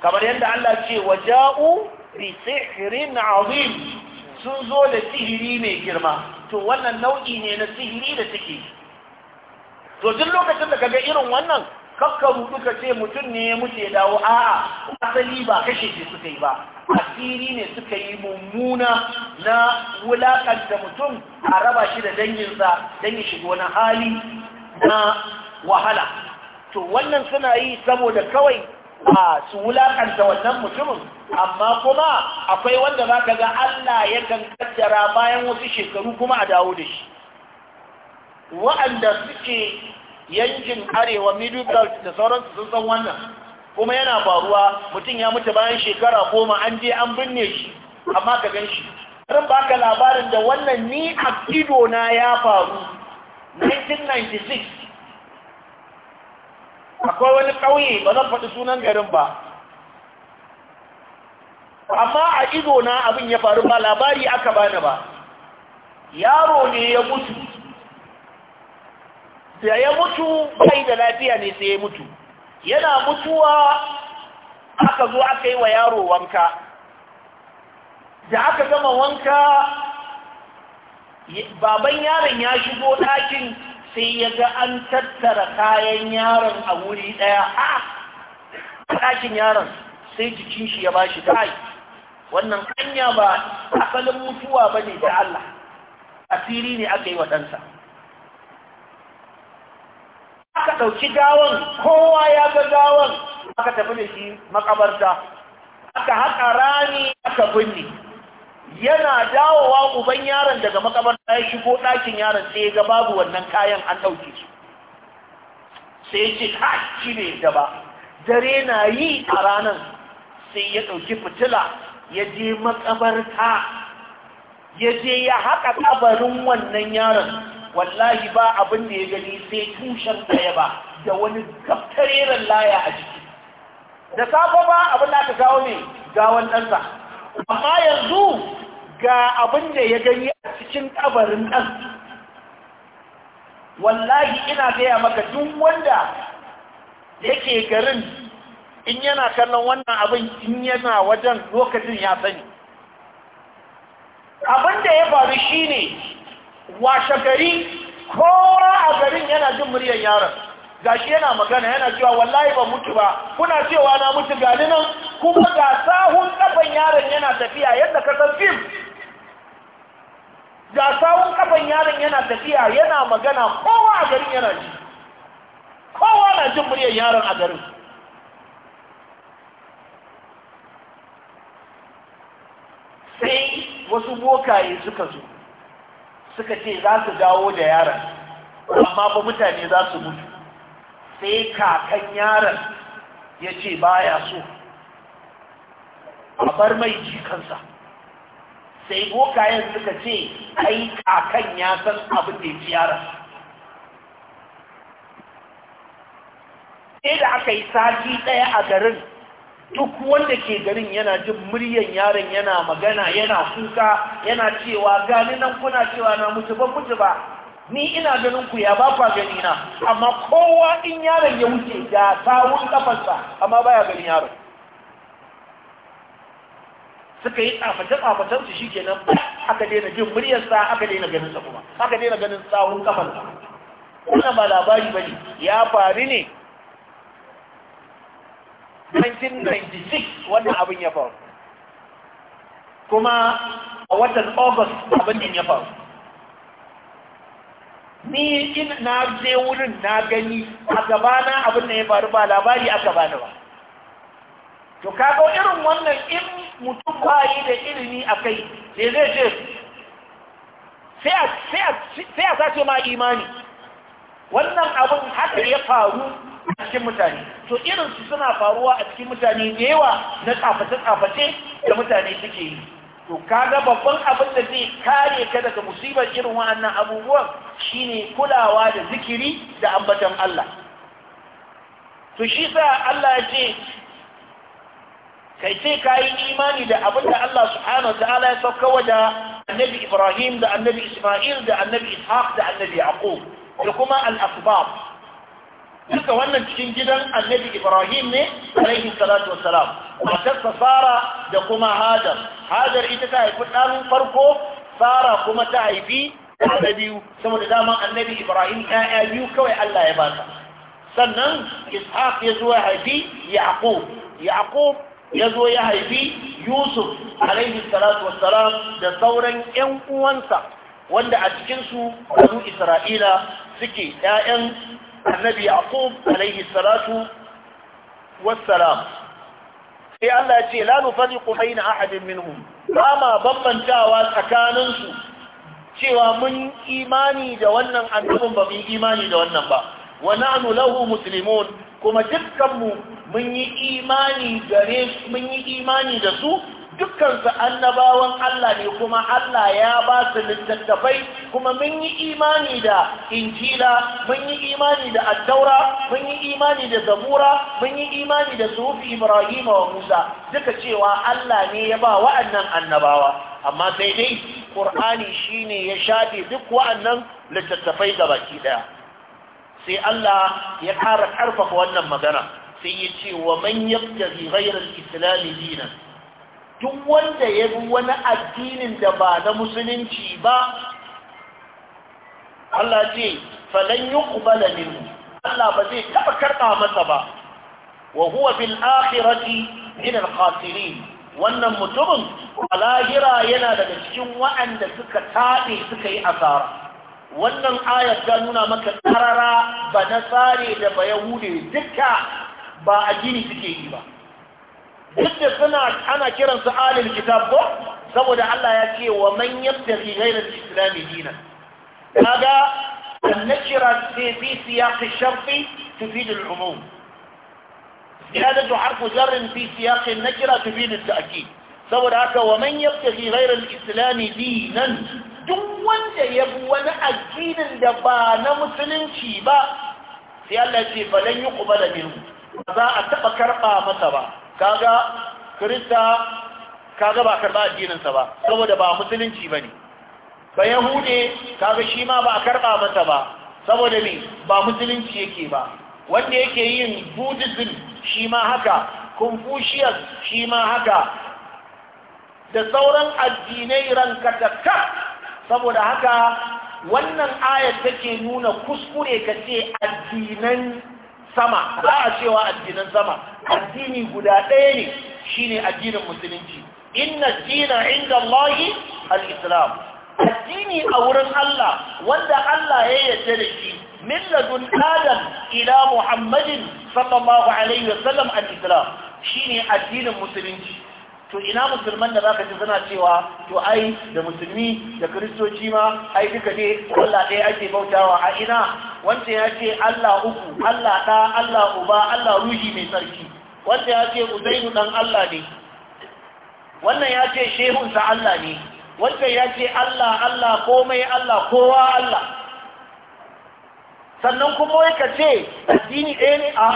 kamar yadda Allah ce wa ja'u bi sihirin azim sun zo da sihiri mai girma to wannan nau'i ne na sihiri da take to duk lokacin da kaga irin wannan kakka rudu ka ce mutum ne ya mutu ya dawo a'a asali ba kashe shi suka yi ba asiri ne suka yi mummuna na wulakanta mutum a raba shi da danginsa don ya shiga wani hali na wahala to wannan suna yi saboda kawai a su wulakanta wannan mutumin amma kuma akwai wanda za ka ga Allah ya kaddara bayan wasu shekaru kuma a dawo da shi wa'anda suke yankin arewa middle da sauransu sun san wannan kuma yana faruwa mutum ya mutu bayan shekara goma an je an binne shi amma ka gan shi ba baka labarin da wannan ni a ido na ya faru 1996 akwai wani ƙauye ba zan faɗi sunan garin ba amma a ido na abin ya faru ba labari aka bani ba yaro ne ya mutu da ya mutu bai da lafiya ne sai ya mutu yana mutuwa aka zo aka yi wa yaro wanka da aka gama wanka baban yaron ya shigo ɗakin sai ya ga an tattara kayan yaron a wuri ɗaya a ɗakin yaron sai jikin shi ya ba shi kai wannan hanya ba asalin mutuwa ba ne ta Allah asiri ne aka yi wa ɗansa aka ɗauki gawan kowa ya ga gawan aka tafi da shi makabarta aka haƙa rani aka binne yana dawowa uban yaron daga makabarta ya shigo ɗakin yaron sai ga babu wannan kayan an ɗauke su sai ce kai shi ne ta ba dare na yi a ranar sai ya ɗauki fitila ya je makabarta ya je ya haƙa kabarin wannan yaron wallahi ba abin da ya gani sai tushen ɗaya ba da wani gaftareren laya a jiki da safe ba abin da aka kawo ne gawan ɗansa amma yanzu ga abin da ya gani a cikin kabarin ɗan wallahi ina gaya maka duk wanda yake garin in yana kallon wannan abin in yana wajen lokacin ya sani abin da ya faru shi ne washe gari kowa a garin yana jin muryar yaron gashi yana magana yana cewa wallahi ba mutu ba kuna cewa na mutu gani nan kuma ga sahun kafan yaron yana tafiya yadda ka san fim ga sawun kafan yaron yana tafiya yana magana kowa a garin yana ji kowa na jin muryar yaron a garin sai wasu bokaye suka zo suka ce za su dawo da yaron amma ba mutane za su mutu sai kakan yaron ya ce baya so a bar mai jikansa sai bokayen suka ce ai kakan ya san abin da ya ci sai da aka yi sati ɗaya a garin duk wanda ke garin yana jin muryan yaron yana magana yana kuka yana cewa gani nan kuna cewa na mutu ba mutu ba ni ina ganin ku ya ba kwa gani na amma kowa in yaron ya wuce ga tawun kafarsa amma baya ganin yaron suka yi tsaface tsafacen su shikenan aka daina jin muryarsa aka daina ganin sa kuma aka daina ganin tsawon kafan sa wannan ba labari bane ya faru ne 1996 wannan abin ya faru kuma a watan august abin ya faru ni in na je wurin na gani a gabana abin da ya faru ba labari aka bani ba to kaga irin wannan in mutum ba yi da ilimi a kai ne zai ce sai a sace ma imani wannan abin haka ya faru a cikin mutane to irinsu suna faruwa a cikin mutane da yawa na tsaface-tsaface da mutane suke yi to kaga babban abin da zai kare ka daga musibar irin wa'annan abubuwan shine kulawa da zikiri da ambatan Allah to shi sa Allah ya ce kai ce ka yi imani da abin da Allah subhanahu wa ta'ala ya sauka da annabi Ibrahim da annabi Ismail da annabi Ishaq da annabi Yaqub da kuma al-asbab duka wannan cikin gidan annabi Ibrahim ne alaihi salatu wa wassalam matarsa Sara da kuma Hajar Hajar ita ta haifi ɗan farko Sara kuma ta haifi da biyu saboda dama annabi Ibrahim ya biyu kawai Allah ya bata sannan Ishaq ya zo ya haifi Yaqub Yaqub ya zo ya haifi yusuf alaihi salatu wassalam da sauran yan uwansa wanda a cikinsu banu isra'ila suke yayan annabi yaqub alaihi salatu wassalam sai Allah ya ce la nufariqu baina ahadin minhum ba bambantawa tsakaninsu cewa mun imani da wannan annabin ba mun imani da wannan ba wa na'nu lahu muslimun kuma dukkanmu mun yi imani gare mun yi imani da su dukkansu annabawan Allah ne kuma Allah ya ba su littattafai kuma mun yi imani da injila mun yi imani da attaura mun yi imani da zabura mun yi imani da sufi ibrahim wa musa duka cewa Allah ne ya ba wa'annan annabawa amma sai dai qur'ani shine ya shafe duk wa'annan littattafai gabaki daya sai Allah ya ƙara ƙarfafa wannan magana sai ya ce wa man yabtazi ghayra dinan duk wanda ya bi wani addinin da ba na musulunci ba Allah ce falan yuqbala minhu Allah ba zai taɓa karɓa masa ba wa huwa bil akhirati min al khasirin wannan mutumin a lahira yana daga cikin waɗanda suka tabe suka yi asara wannan ayar ta nuna maka karara ba na tsare da ba yahude duka ba a gini suke yi ba duk da suna ana kiransu alil kitab ba saboda Allah ya ce wa man yabtaghi ghayra al-islam dinan kaga النكرة في في سياق الشرط تفيد العموم زيادة fi جر في سياق النكرة تفيد التأكيد saboda haka wa man yabtaghi ghayra al-islam dinan duk wanda ya wani addinin da ba na musulunci ba sai Allah ce falan yi kubala minhu ba za a taba karba masa ba kaga krista kaga ba karba addininsa ba saboda ba musulunci bane ba yahude kaga shi ma ba karba masa ba saboda me ba musulunci yake ba wanda yake yin buddhism shi ma haka confucius shi ma haka da sauran addinai rankatakka saboda haka wannan ayar take nuna kuskure ka ce addinan sama za a cewa addinan sama addini guda ɗaya ne shine addinin musulunci inna dina inda Allahi al-islam addini a wurin Allah wanda Allah ya yarda da shi min adam ila muhammadin sallallahu alaihi wasallam al-islam shine addinin musulunci to ina musulman da zaka ji suna cewa to ai da musulmi da kristoci ma ai duka ne Allah ɗaya ake bautawa a ina wanda ya ce Allah uku Allah ɗa Allah uba Allah ruhi mai sarki, wanda ya ce Uzairu dan Allah ne wannan ya ce sa Allah ne wanda ya ce Allah Allah komai Allah kowa Allah sannan kuma wai ka ce addini ɗaya ne a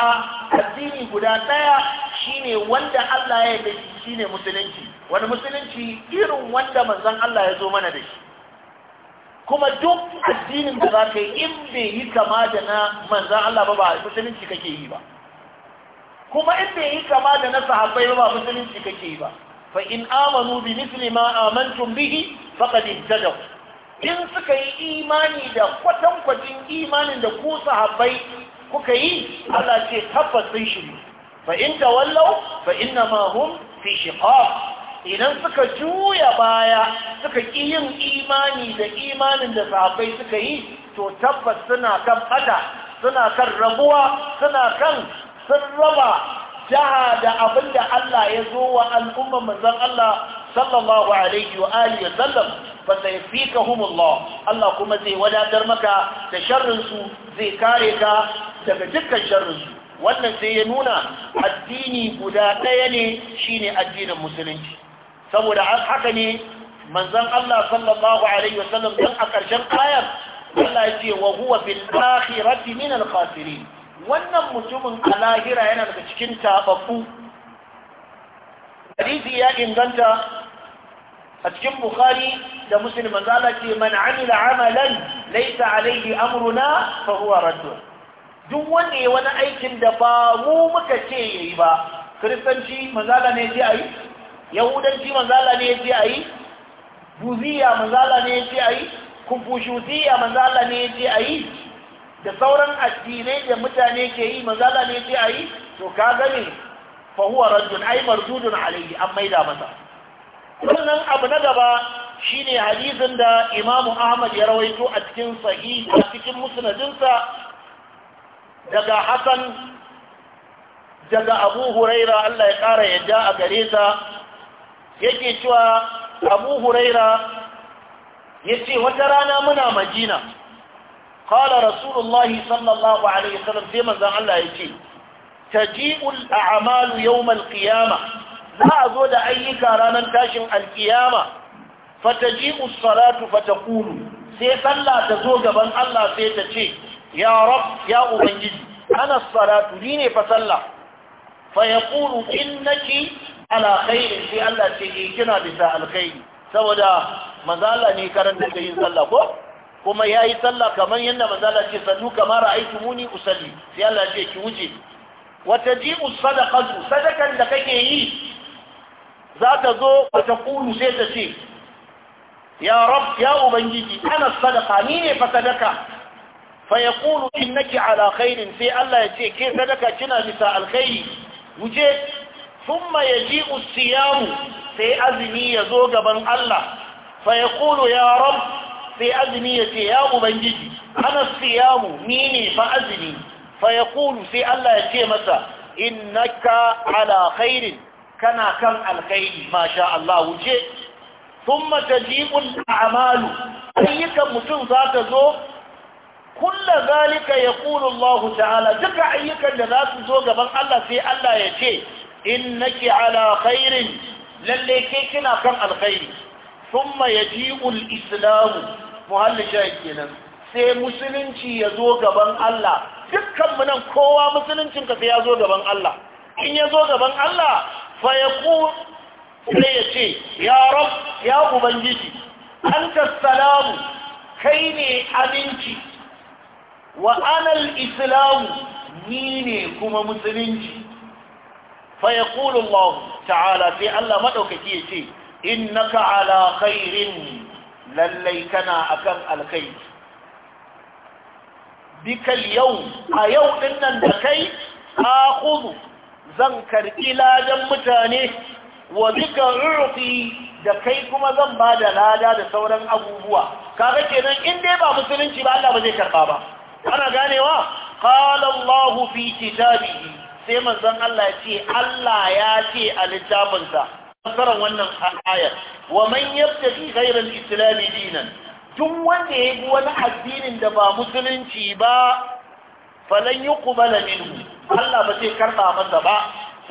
addini guda ɗaya shine wanda Allah ya yi shine musulunci wani musulunci irin wanda manzon Allah ya zo mana da shi kuma duk addinin da za ka yi in bai yi kama da na manzan Allah ba ba musulunci kake yi ba kuma in bai yi kama da na sahabbai ba ba musulunci kake yi ba fa in amanu bi misli ma amantum bihi faqad ihtadaw in suka yi imani da kwatankwacin imanin da ku sahabbai kuka yi Allah ce tabbas sun shiri fa in tawallaw fa hum fi shiqaq idan suka juya baya suka ki yin imani da imanin da sahabbai suka yi to tabbas suna kan fata suna kan rabuwa suna kan sun raba jaha da abinda da Allah ya zo wa al'umma manzon Allah sallallahu alaihi wa alihi wa sallam fa Allah Allah kuma zai wadatar maka da sharrin su zai kare ka daga dukkan sharrin su wannan sai ya nuna addini guda ɗaya ne shine addinin musulunci saboda haka ne manzon Allah sallallahu alaihi wasallam dan a ƙarshen ayar Allah ya ce wa huwa fil akhirati min al khasirin wannan mutumin a lahira yana daga cikin tababbu hadisi ya inganta a cikin bukhari da muslim manzo Allah ce man amila amalan laysa alaihi amruna fa huwa raddun duk wanda ya wani aikin da ba mu muka ce ya yi ba kiristanci manzala ne ce a yi yahudanci manzala ne ce a yi buziya manzala ne ce a yi kumfushutiya manzala ne ce a yi da sauran addinai da mutane ke yi manzala ne ce a yi to ka gani fahuwa rajun ai mardudun alayhi an maida masa wannan abu na gaba shine hadisin da imamu ahmad ya rawaito a cikin sahih a cikin musnadinsa daga Hassan daga Abu Huraira Allah ya ƙara ja a gare ta yake cewa Abu Huraira yace wata rana muna majina ƙala Rasulullahi sallallahu alaihi wasallam sai manzon Allah yace taji'ul a'malu yawm al-qiyamah za a zo da ayyuka ranar tashin al-qiyama fataji'us salatu fatakulu sai sallah ta zo gaban Allah sai ta ce ya rab ya ubangiji ana salatu ni ne fa sallah fa yaqulu innaki ala khairin sai Allah ce eh kina bisa alkhairi saboda manzala ne karanta da yin sallah ko kuma yayi sallah kamar yanda manzala ce sallu kamar ra'aytumuni usalli sai Allah ce ki wuce wata ji'u sadaqatu sadakan da kake yi za ta zo ta kulu sai ta ce ya rab ya ubangiji ana sadaqa ni ne fa sadaka fa yaqulu innaki ala khairin sai Allah ya ce ke sadaka kina bisa alkhairi wuje thumma yaji'u siyamu sai azumi ya zo gaban Allah fa yaqulu sai azumi ya ce ya ubangiji ana siyamu ni ne fa azumi fa yaqulu sai Allah ya ce masa innaka ala khairin kana kan alkhairi masha Allah wuce thumma tajibu al'amalu ayyukan mutum zata zo kulla zalika yaqulu Allah ta'ala duka ayyukan da za su zo gaban Allah sai Allah ya ce innaki ala khairin lalle ke kina kan alkhairi thumma yaji'u al-islam muhalli kenan sai musulunci ya zo gaban Allah dukkan mu nan kowa musuluncin ka sai ya zo gaban Allah in ya zo gaban Allah fa yaqul sai ya ce ya rab ubangiji salamu kai ne aminci wa anal islam ni ne kuma musulunci fa yaqulu Allah ta'ala sai Allah madaukaki yace innaka ala khairin lallai kana akan alkhairi bikal yau a yau ɗinnan nan da kai akhudhu zan karɓi ladan mutane wa bika urfi da kai kuma zan ba da lada da sauran abubuwa kaga kenan in dai ba musulunci ba Allah ba zai karɓa ba ana ganewa qala Allah fi kitabihi sai manzon Allah ce Allah ya ce a littafinsa fasaran wannan ayar wa man yabtaghi ghayra al-islam dinan wanda ya bi wani addinin da ba musulunci ba falan yuqbala minhu Allah ba zai karba masa ba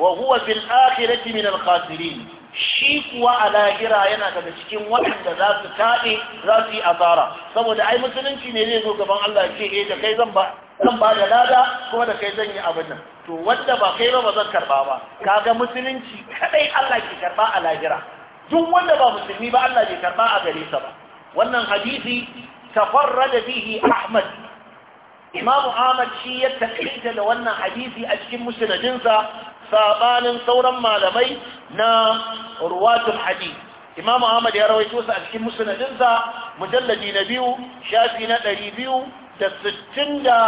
wa huwa fil akhirati min al-khasirin shi kuwa a lahira yana daga cikin waɗanda za su taɓe za su yi asara saboda ai musulunci ne zai zo gaban Allah ya ce eh da kai zan ba zan ba da lada kuma da kai zan yi abin nan to wanda ba kai ba ba zan karba ba kaga musulunci kadai Allah ke karba a lahira duk wanda ba musulmi ba Allah bai karba a gare sa ba wannan hadisi tafarrada bihi Ahmad Imam Ahmad shi ya takaita da wannan hadisi a cikin musnadinsa sabanin sauran malamai na ruwatul hadith imam ahmad ya rawaito su a cikin musnadinsa mujalladi na biyu shafi na ɗari biyu da sittin da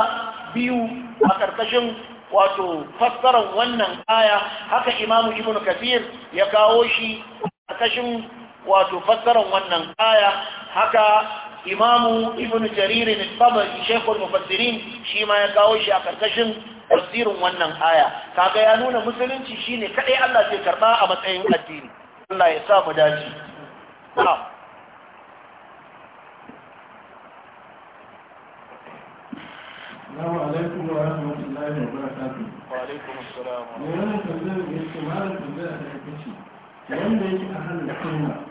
biyu a ƙarƙashin wato fassarar wannan aya haka imam ibn kafir ya kawo shi a ƙarƙashin wato fassarar wannan aya haka imamu ibn جرير al-tabari المفسرين شيما shi ma ya kawo shi a karkashin tafsirin wannan aya kaga ya nuna musulunci shine kadai Allah zai karba a matsayin addini Allah ya sa mu dace Assalamu alaikum wa rahmatullahi wa barakatuh. Wa alaikum assalam. Ne wannan da wanda a hannun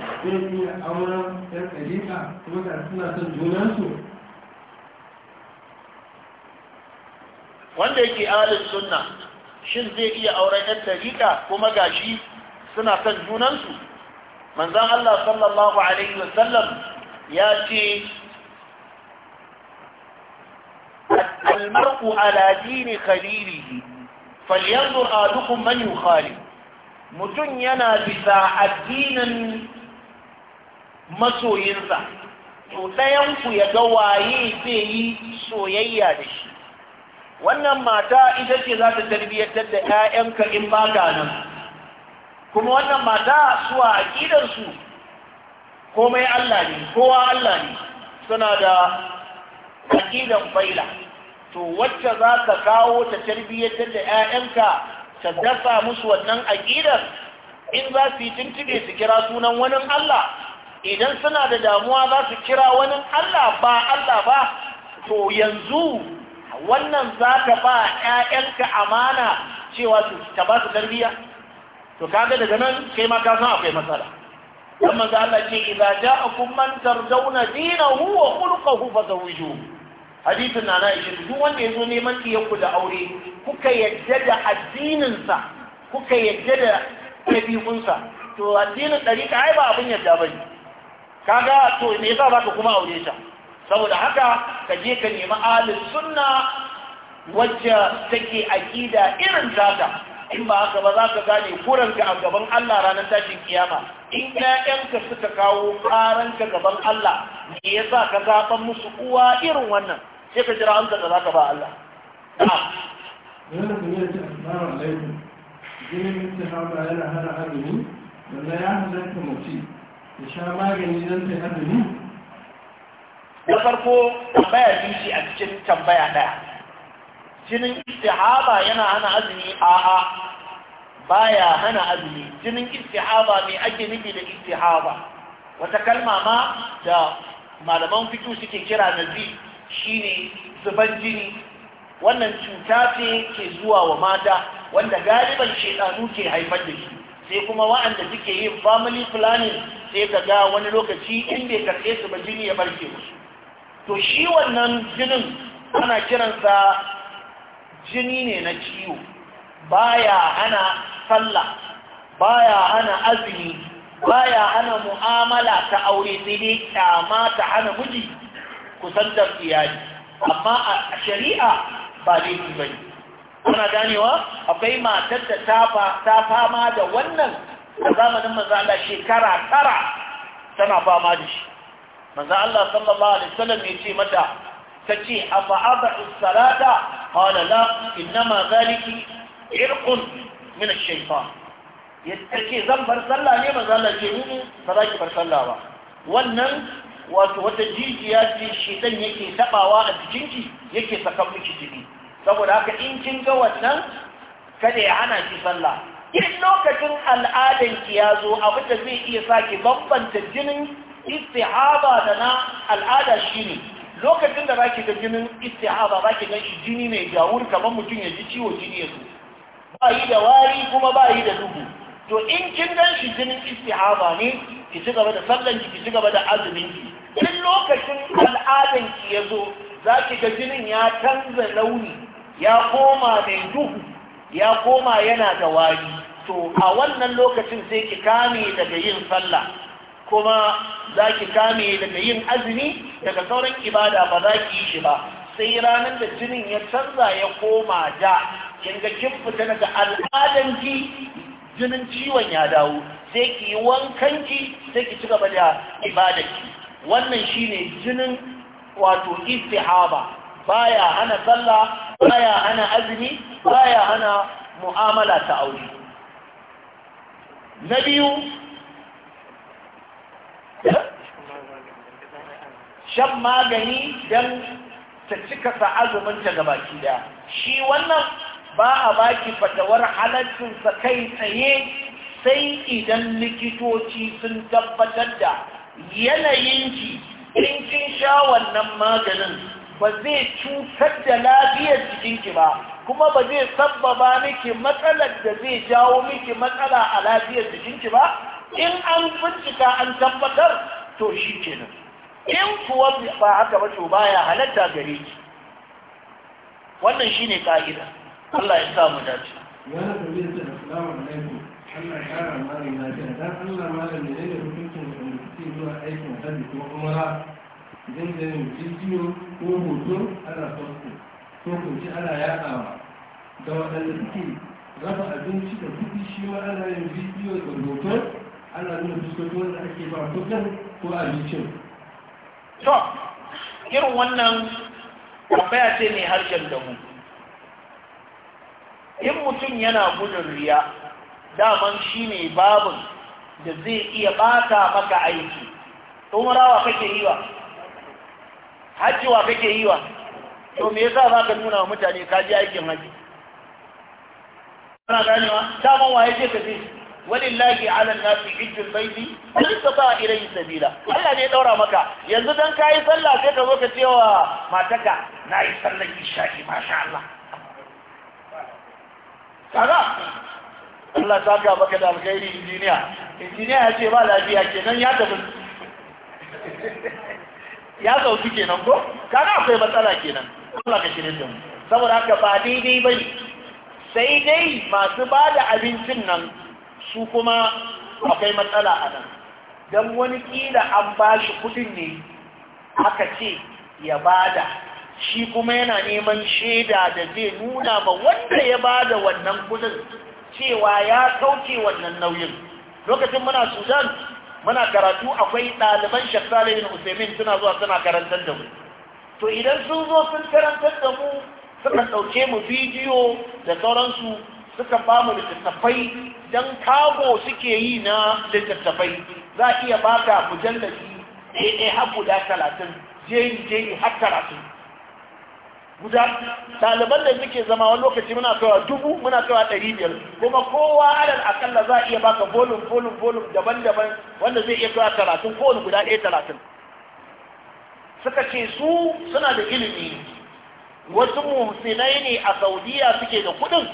sun sun auren yan ɗariƙa kuma da suna son junansu wanda yake alin sunna shin zai iya auren yan ɗariƙa kuma gashi suna son junansu manzan Allah sallallahu alaihi wasallam ya ce المرء على دين خليله فلينظر آدكم من يخالف mutum yana bisa addinin masoyinsa to ɗayanku ya ga waye zai yi soyayya da shi wannan mata ita ce za ta tarbiyyantar da 'ya'yanka in ba ka nan kuma wannan mata su a aƙidarsu komai Allah ne kowa Allah ne suna da aƙidan faila to wacce za ka kawo ta tarbiyyantar da 'ya'yanka ta dasa musu wannan aƙidar in za su yi tuntube su kira sunan wani Allah idan suna da damuwa za su kira wani Allah ba Allah ba to yanzu wannan za ka ba ‘ya'yanka amana cewa su ta ba su tarbiyya to kaga daga nan kai ma ka san akwai matsala dan manzo Allah ce idza ja'akum man tardawna dinahu wa khulquhu fazawiju hadithin na shi. duk wanda yazo neman tiyanku da aure kuka yadda da addinin sa kuka yadda da ɗabi'unsa to addinin ɗariƙa ai ba abin yadda bane kaga to me yasa baka kuma aure ta saboda haka ka je ka nemi ahlus sunna wacce take aqida irin zata in ba haka ba za ka gane kuranka a gaban Allah ranar tashin kiyama in ƴaƴanka suka kawo ƙaranka gaban Allah me yasa ka zaɓan musu uwa irin wannan sai ka jira amsa da za ka ba Allah yana hana azumi, wanda ya halatta mace ya sha magani don ta ne? na farko tambaya biyu ce a cikin tambaya ɗaya jinin istihaba yana hana azumi a'a baya hana azumi jinin istihaba mai ake nufi da istihaba wata kalma ma da malaman fito suke kira nazi ne zuban jini wannan cuta ce ke zuwa wa mata wanda galiban shekaru ke haifar da shi sai kuma waɗanda suke yin family planning sai ka ga wani lokaci in bai karɓe su ba jini ya barke musu to shi wannan jinin ana kiransa jini ne na ciwo baya ana sallah baya ana azumi baya ana mu'amala ta aure sai dai kyama ta hana miji kusantar iyali amma a shari'a ba laifi bane kuna ganewa akwai matar da ta fama da wannan a zamanin manzo Allah shekara tara tana fama da shi manzo Allah sallallahu alaihi wasallam ya ce mata tace afa aba'u salata qala la innama zaliki irqun min ash-shaytan yace zan bar sallah ne manzo Allah ce ni ba za ki bar sallah ba wannan wato wata jijiya ce shedan yake tabawa a jikinki yake saka miki jini saboda haka in kin ga wannan kada ya hana ki sallah in lokacin al'adanki ya zo abin da zai iya sake bambanta jinin istihaba da na al'ada shi ne lokacin da zaki ga jinin istihaba zaki gan shi jini mai jawur kamar mutum ya ji ciwo jini ya zo ba yi da wari kuma ba yi da duhu to in kin gan shi jinin istihaba ne ki ci gaba da sallan ki ki ci gaba da azumin ki in lokacin al'adanki ya zo zaki ga jinin ya canza launi ya koma mai duhu ya koma yana da wari to a wannan lokacin sai ki kame daga yin sallah kuma za ki kame daga yin azumi daga sauran ibada ba za ki yi shi ba sai ranar da jinin ya canza ya koma da kin ga kin fita daga ki jinin ciwon ya dawo sai ki yi wankan ki, sai ki ci gaba da ki wannan shine jinin wato istihaba baya hana sallah baya hana azumi baya hana mu'amala ta aure na biyu shan magani don ta cika sa azuminta ga baki daya shi wannan ba a baki fatawar halarcinsa kai tsaye sai idan likitoci sun tabbatar da yanayin in kin sha wannan maganin ba zai cutar da lafiyar jikinki ba kuma ba zai sabbaba miki matsalar da zai jawo miki matsala a lafiyar jikinki ba in an bincika an tabbatar to shi kenan in kuwa ba haka ba to baya halatta gare ki wannan shine ka'ida Allah ya sa mu dace Allah ya kara mali na da dan Allah malam ne da hukuncin da mutum zuwa aikin hajji ko umara dandanin bidiyo ko hoto ana fasko ko kunci ana yaɗawa da waɗanda suke raba abinci da kuɗi shi ma ana yin bidiyo da hoto ana nuna fuskoki da ake ba kuɗin ko abincin. to irin wannan tambaya ce mai harshen da mu. in mutum yana gudun riya daman shi ne babin da zai iya ɓata maka aiki umarawa kake yi ba hajji wa kake yi wa to me yasa za ka nuna wa mutane ka ji aikin haji kana ganewa daman wa yake ka ce walillahi ala nasi hijjul baiti man istata ilayhi sabila Allah ne ya daura maka yanzu dan kai sallah sai ka zo ka ce wa mataka nayi sallar ki masha Allah kaga Allah ta ga maka da alkhairi injiniya injiniya ya ce ba lafiya kenan ya tafi ya sauki kenan ko kana akwai matsala kenan Allah ka shirye da mu saboda haka ba daidai ba ne. sai dai masu ba da abincin nan su kuma akwai matsala a nan don wani ƙila an ba shi kudin ne aka ce ya bada shi kuma yana neman shaida da zai nuna ma wanda ya ba da wannan kudin cewa ya sauke wannan nauyin lokacin muna sudan muna karatu akwai ɗaliban Sheikh yin Usaimin suna zuwa suna karantar da mu to idan sun zo sun karantar da mu suka ɗauke mu bidiyo da sauransu suka ba mu littattafai don kago suke yi na littattafai za a iya baka mujallabi ɗaya haku da talatin jeyi jeyi har talatin guda ɗaliban da suke zama wani lokaci muna kawa dubu muna kawa ɗari biyar kuma kowa alal akalla za a iya baka bolum bolum bolum daban-daban wanda zai iya kawa talatin wani guda ɗaya talatin suka ce su suna da ilimi wasu muhsinai ne a saudiya suke da kuɗin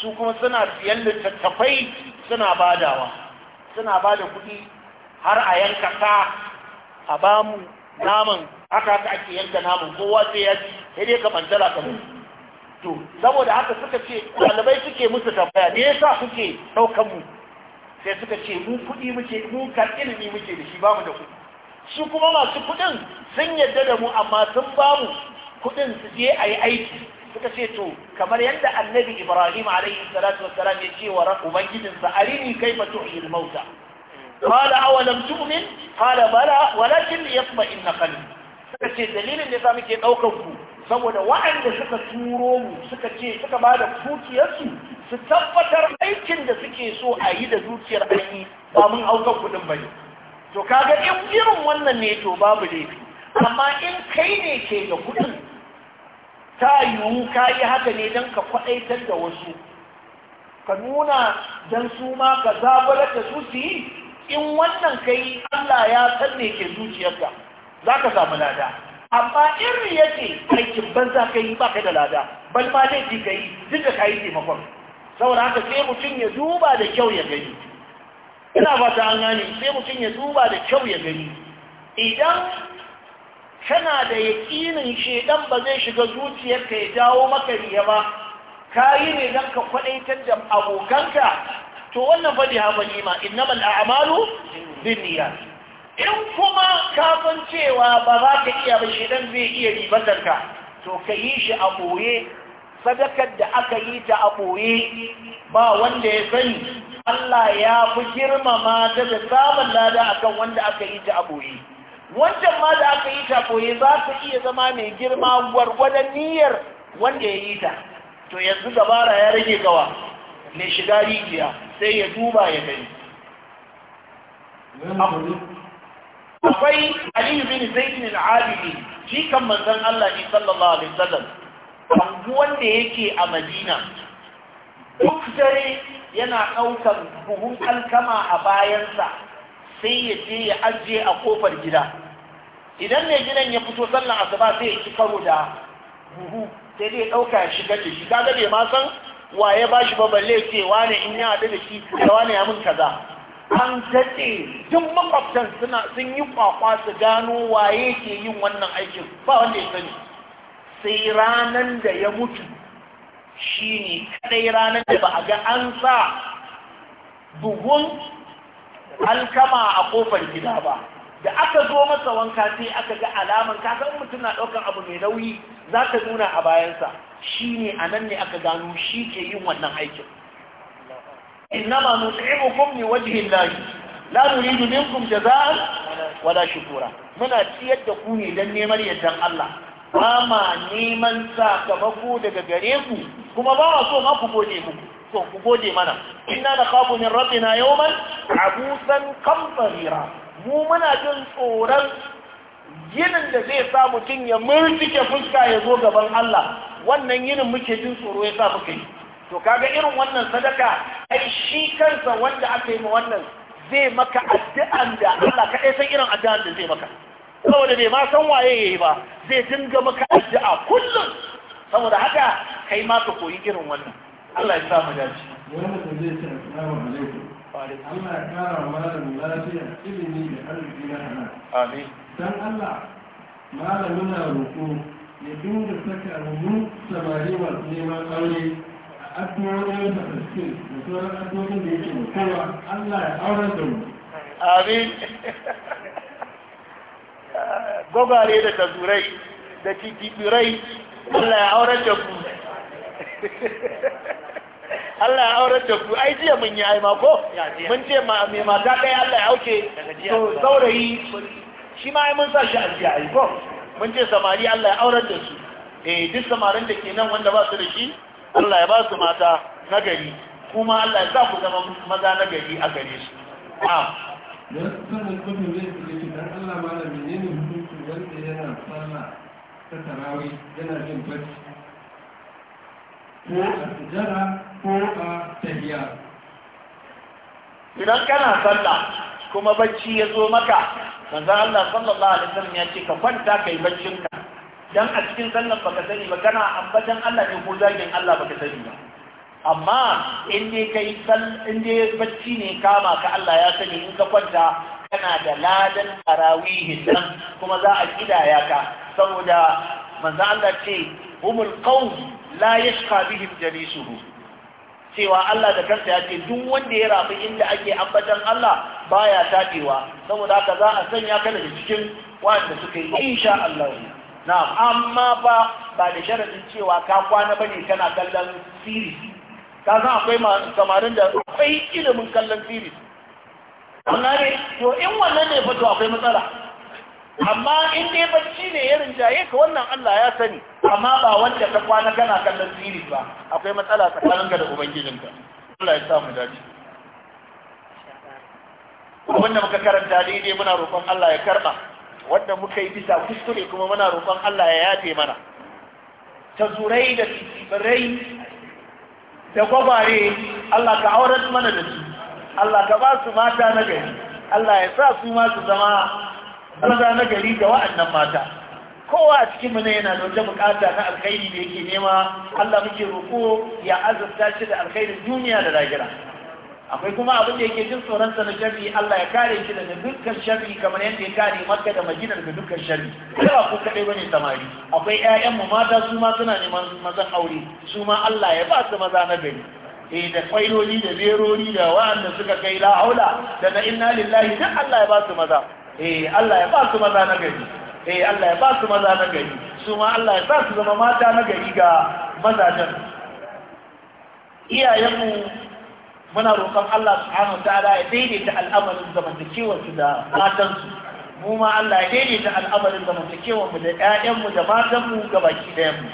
su kuma suna siyan littattafai suna badawa suna ba da kuɗi har a yanka ka a bamu naman aka haka ake yanka naman kowa sai ya ci sai dai ka bantala ka mun. to saboda haka suka ce ɗalibai suke musu tambaya me yasa suke ɗaukan mu sai suka ce mu kuɗi muke mu kan ilimi muke da shi bamu da kuɗi shi kuma masu kuɗin sun yadda da mu amma sun bamu kuɗin su je a yi aiki suka ce to kamar yadda annabi ibrahim alaihi salatu wassalam ya ce wa ubangijinsa arini kaifa tuhyi mauta قال أولم تؤمن قال بلى ولكن يطمئن قلبي فكيف دليل النظام كي أوقفه saboda waɗanda suka turo mu suka ce suka ba da kukiyarsu su tabbatar aikin da suke so a yi da zuciyar aiki ba mun hau kan kuɗin ba ne to kaga in irin wannan ne to babu laifi amma in kai ne ke da kuɗin ta yiwu ka yi haka ne don ka kwaɗaitar da wasu ka nuna don su ma ka zabarar da su su yi in wannan kai Allah ya san ne ke zuciyarka za ka samu lada amma irin yake aikin banza ka yi ba ka da lada bal ma laifi ka yi duk da ka yi taimakon saboda haka sai mutum ya duba da kyau ya gani ina fata an gane sai mutum ya duba da kyau ya gani idan kana da yaƙinin shedan ba zai shiga zuciyarka ya dawo maka riya ba ka yi ne don ka kwadaitar da abokanka to wannan faɗi haɓa nima innamal a'malu bin in kuma kafin cewa ba za ka iya ba shi dan zai iya ribar ka to ka yi shi a ɓoye sadakar da aka yi ta a ɓoye ba wanda ya sani Allah ya fi girmama ta da samun lada akan wanda aka yi ta a ɓoye wancan ma da aka yi ta boye ɓoye za ka iya zama mai girma gwargwadon niyyar wanda ya yi ta to yanzu dabara ya rage gawa mai shiga rijiya sai ya duba ya gani akwai aliyu bin zaidin al'abidi shi kan manzon Allah ne sallallahu alaihi wasallam anguwan da yake a madina duk dare yana ɗaukar buhun alkama a bayansa sai ya je ya ajiye a kofar gida idan mai gidan ya fito sallan asuba sai ya ci karo da buhu sai dai ɗauka ya shiga da shi kaga bai ma san waye ba shi ba balle cewa in ya haɗu da shi da ya mun kaza an daɗe duk makwabtan suna sun yi kwakwa su gano waye ke yin wannan aikin ba wanda ya sani sai ranar da ya mutu shi ne kadai ranar da ba a ga an sa buhun alkama a kofar gida ba da aka zo masa wanka sai aka ga alaman kasan mutum na ɗaukar abu mai nauyi za ka nuna a bayansa shi ne a nan ne aka gano shi ke yin wannan aikin innama nut'imukum li wajhi Allah la nuridu minkum jaza'an wala shukura muna ciyar da ku ne dan neman yardan Allah ba ma neman sakamako daga gare ku kuma ba ma so ma ku gode muku so ku gode mana inna nakhafu min rabbina yawman abusan qamtarira mu muna jin tsoron ginin da zai sa mutum ya murtike fuska ya zo gaban Allah wannan ginin muke jin tsoro ya sa muke yi to kaga irin wannan sadaka ai shi kansa wanda aka yi ma wannan zai maka addu'an da Allah kaɗai san irin addu'an da zai maka saboda bai ma san waye ya yi ba zai dinga maka addu'a kullum saboda haka kai ma ka koyi irin wannan Allah ya sa mu dace wannan da zai ce assalamu alaikum Allah ya kara malamin lafiya ilimi da arziki na halal amin dan Allah malamin na roƙo ya dinga saka mu samari masu neman aure addu'o'in da da yake Allah ya da mu gogare da tazurai da titirai Allah ya aurar da ku Allah ya aurar da ku ai jiya mun yi ai mako mun ce ma mai mata ɗaya Allah ya auke to saurayi shi ma ai mun sa shi a jiya ai ko mun ce samari Allah ya aurar da su eh duk samarin da ke nan wanda ba su da shi Allah ya ba su mata na gari kuma Allah ya sa ku zama maza na gari a gare su idan kana sallah kuma bacci ya zo maka manzo Allah sallallahu alaihi wasallam ya ce ka kwanta kai baccinka dan a cikin sallan baka sani ba kana ambatan Allah ne ko zagin Allah baka sani ba amma in dai kai sal in dai bacci ne kama ka Allah ya sani in ka kwanta kana da ladan tarawihin nan kuma za a kidaya ka saboda manzo Allah ce humul qawm la yashqa bihim jalisuhu cewa Allah da kansa ya ce duk wanda ya rafi inda ake ambatan Allah baya tadewa saboda haka za a sanya ka daga cikin wanda suka yi insha Allah na'am amma ba ba da sharadin cewa ka kwana bane kana kallon siri ka san akwai samarin da akwai ilimin kallon siri amma ne to in wannan ne fa to akwai matsala amma in dai bacci ne ya rinjaye ka wannan Allah ya sani amma ba wanda ka kwana kana kallon siri ba akwai matsala tsakaninka da ubangijinka Allah ya sa mu dace abinda muka karanta daidai muna roƙon Allah ya karɓa wanda muka yi bisa kuskure kuma muna roƙon Allah ya yafe mana zurai da tsibirai da gwagware Allah ka aurar mana da su Allah ka ba su mata na gari Allah ya sa su ma su zama maza na gari da wa'annan mata kowa a cikin mana yana da wata bukata na alkhairi da yake nema Allah muke roƙo ya azurta shi da alkhairin duniya da lahira akwai kuma abin da yake jin tsoron sa na sharri Allah ya kare shi daga dukkan sharri kamar yadda ya kare Makka da Madina daga dukkan sharri kai ba ku kadai bane samari akwai ƴaƴan mu mata su ma suna neman mazan aure su ma Allah ya ba su maza na gari eh da kwailoli da zerori da wa'anda suka kai la haula da na inna lillahi duk Allah ya ba su maza eh Allah ya ba su maza na gari eh Allah ya ba su maza na gari su ma Allah ya sa su zama mata na gari ga mazajen iyayenmu muna roƙon Allah subhanahu ta'ala ya daidaita al'amarin zamantakewar su da matan su mu ma Allah ya daidaita al'amarin zamantakewar mu da ƴaƴan mu da matan mu gabaki ɗayan mu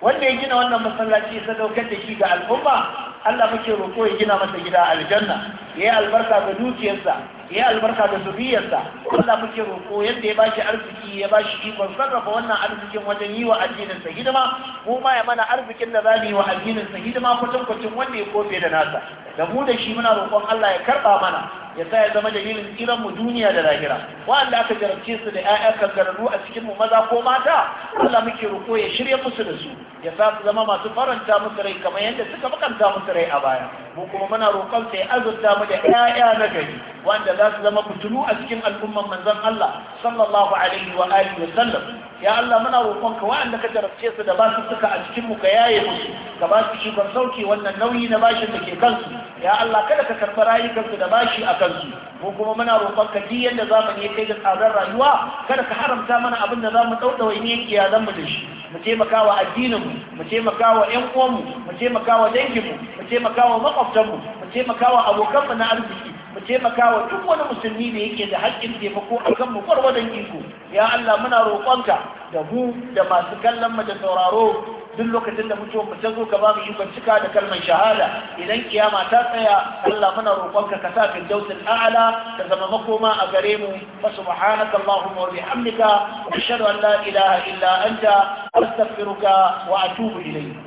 wanda ya gina wannan masallaci ya sadaukar da shi ga al'umma Allah muke roƙo ya gina masa gida aljanna ya yi albarka ga dukiyarsa ya albarka da zuriyarsa Allah muke roƙo yadda ya bashi arziki ya bashi ikon sarrafa wannan arzikin wajen yi wa addinin sa hidima mu ma ya mana arzikin da mu yi wa addinin sa hidima kwatan kwatan wanda ya kofe da nasa da mu da shi muna roƙon Allah ya karɓa mana ya sa ya zama dalilin tsiran mu duniya da lahira wanda aka jarabce su da ƴaƴa kangararru a cikin mu maza ko mata Allah muke roƙo ya shirya musu da su ya sa su zama masu faranta musu rai kamar yadda suka bakanta musu rai a baya mu kuma muna roƙon sai azurta mu da ƴaƴa na gari wanda za su zama fitinu a cikin al'umman manzon Allah sallallahu alaihi wa alihi wa sallam ya Allah muna roƙonka waɗanda ka jarabce su da ba su suka a cikin mu ka yaye musu ka ba su ikon sauke wannan nauyi na bashin da ke kansu ya Allah kada ka karɓi rayukansu da bashi a kansu ko kuma muna roƙonka duk yadda mu ya kai ga tsadar rayuwa kada ka haramta mana abin da za mu ɗauɗawa ne iyalan mu da shi mu taimaka wa addinin mu mu taimaka wa ƴan uwanmu mu taimaka wa mu taimakawa taimaka wa makwabtan mu mu taimaka wa na arziki mu taimaka wa duk wani musulmi da yake da haƙƙin taimako a kan mu gwargwadon iko ya Allah muna roƙonka da mu da masu kallon mu da sauraro duk lokacin da mutuwa mu ta zo ka ba mu ikon cika da kalmar shahada idan kiyama ta tsaya Allah muna roƙonka ka sa firdausul a'la ka zama makoma a gare mu fa subhanaka allahumma wa bihamdika ashhadu an la ilaha illa anta astaghfiruka wa atubu ilayk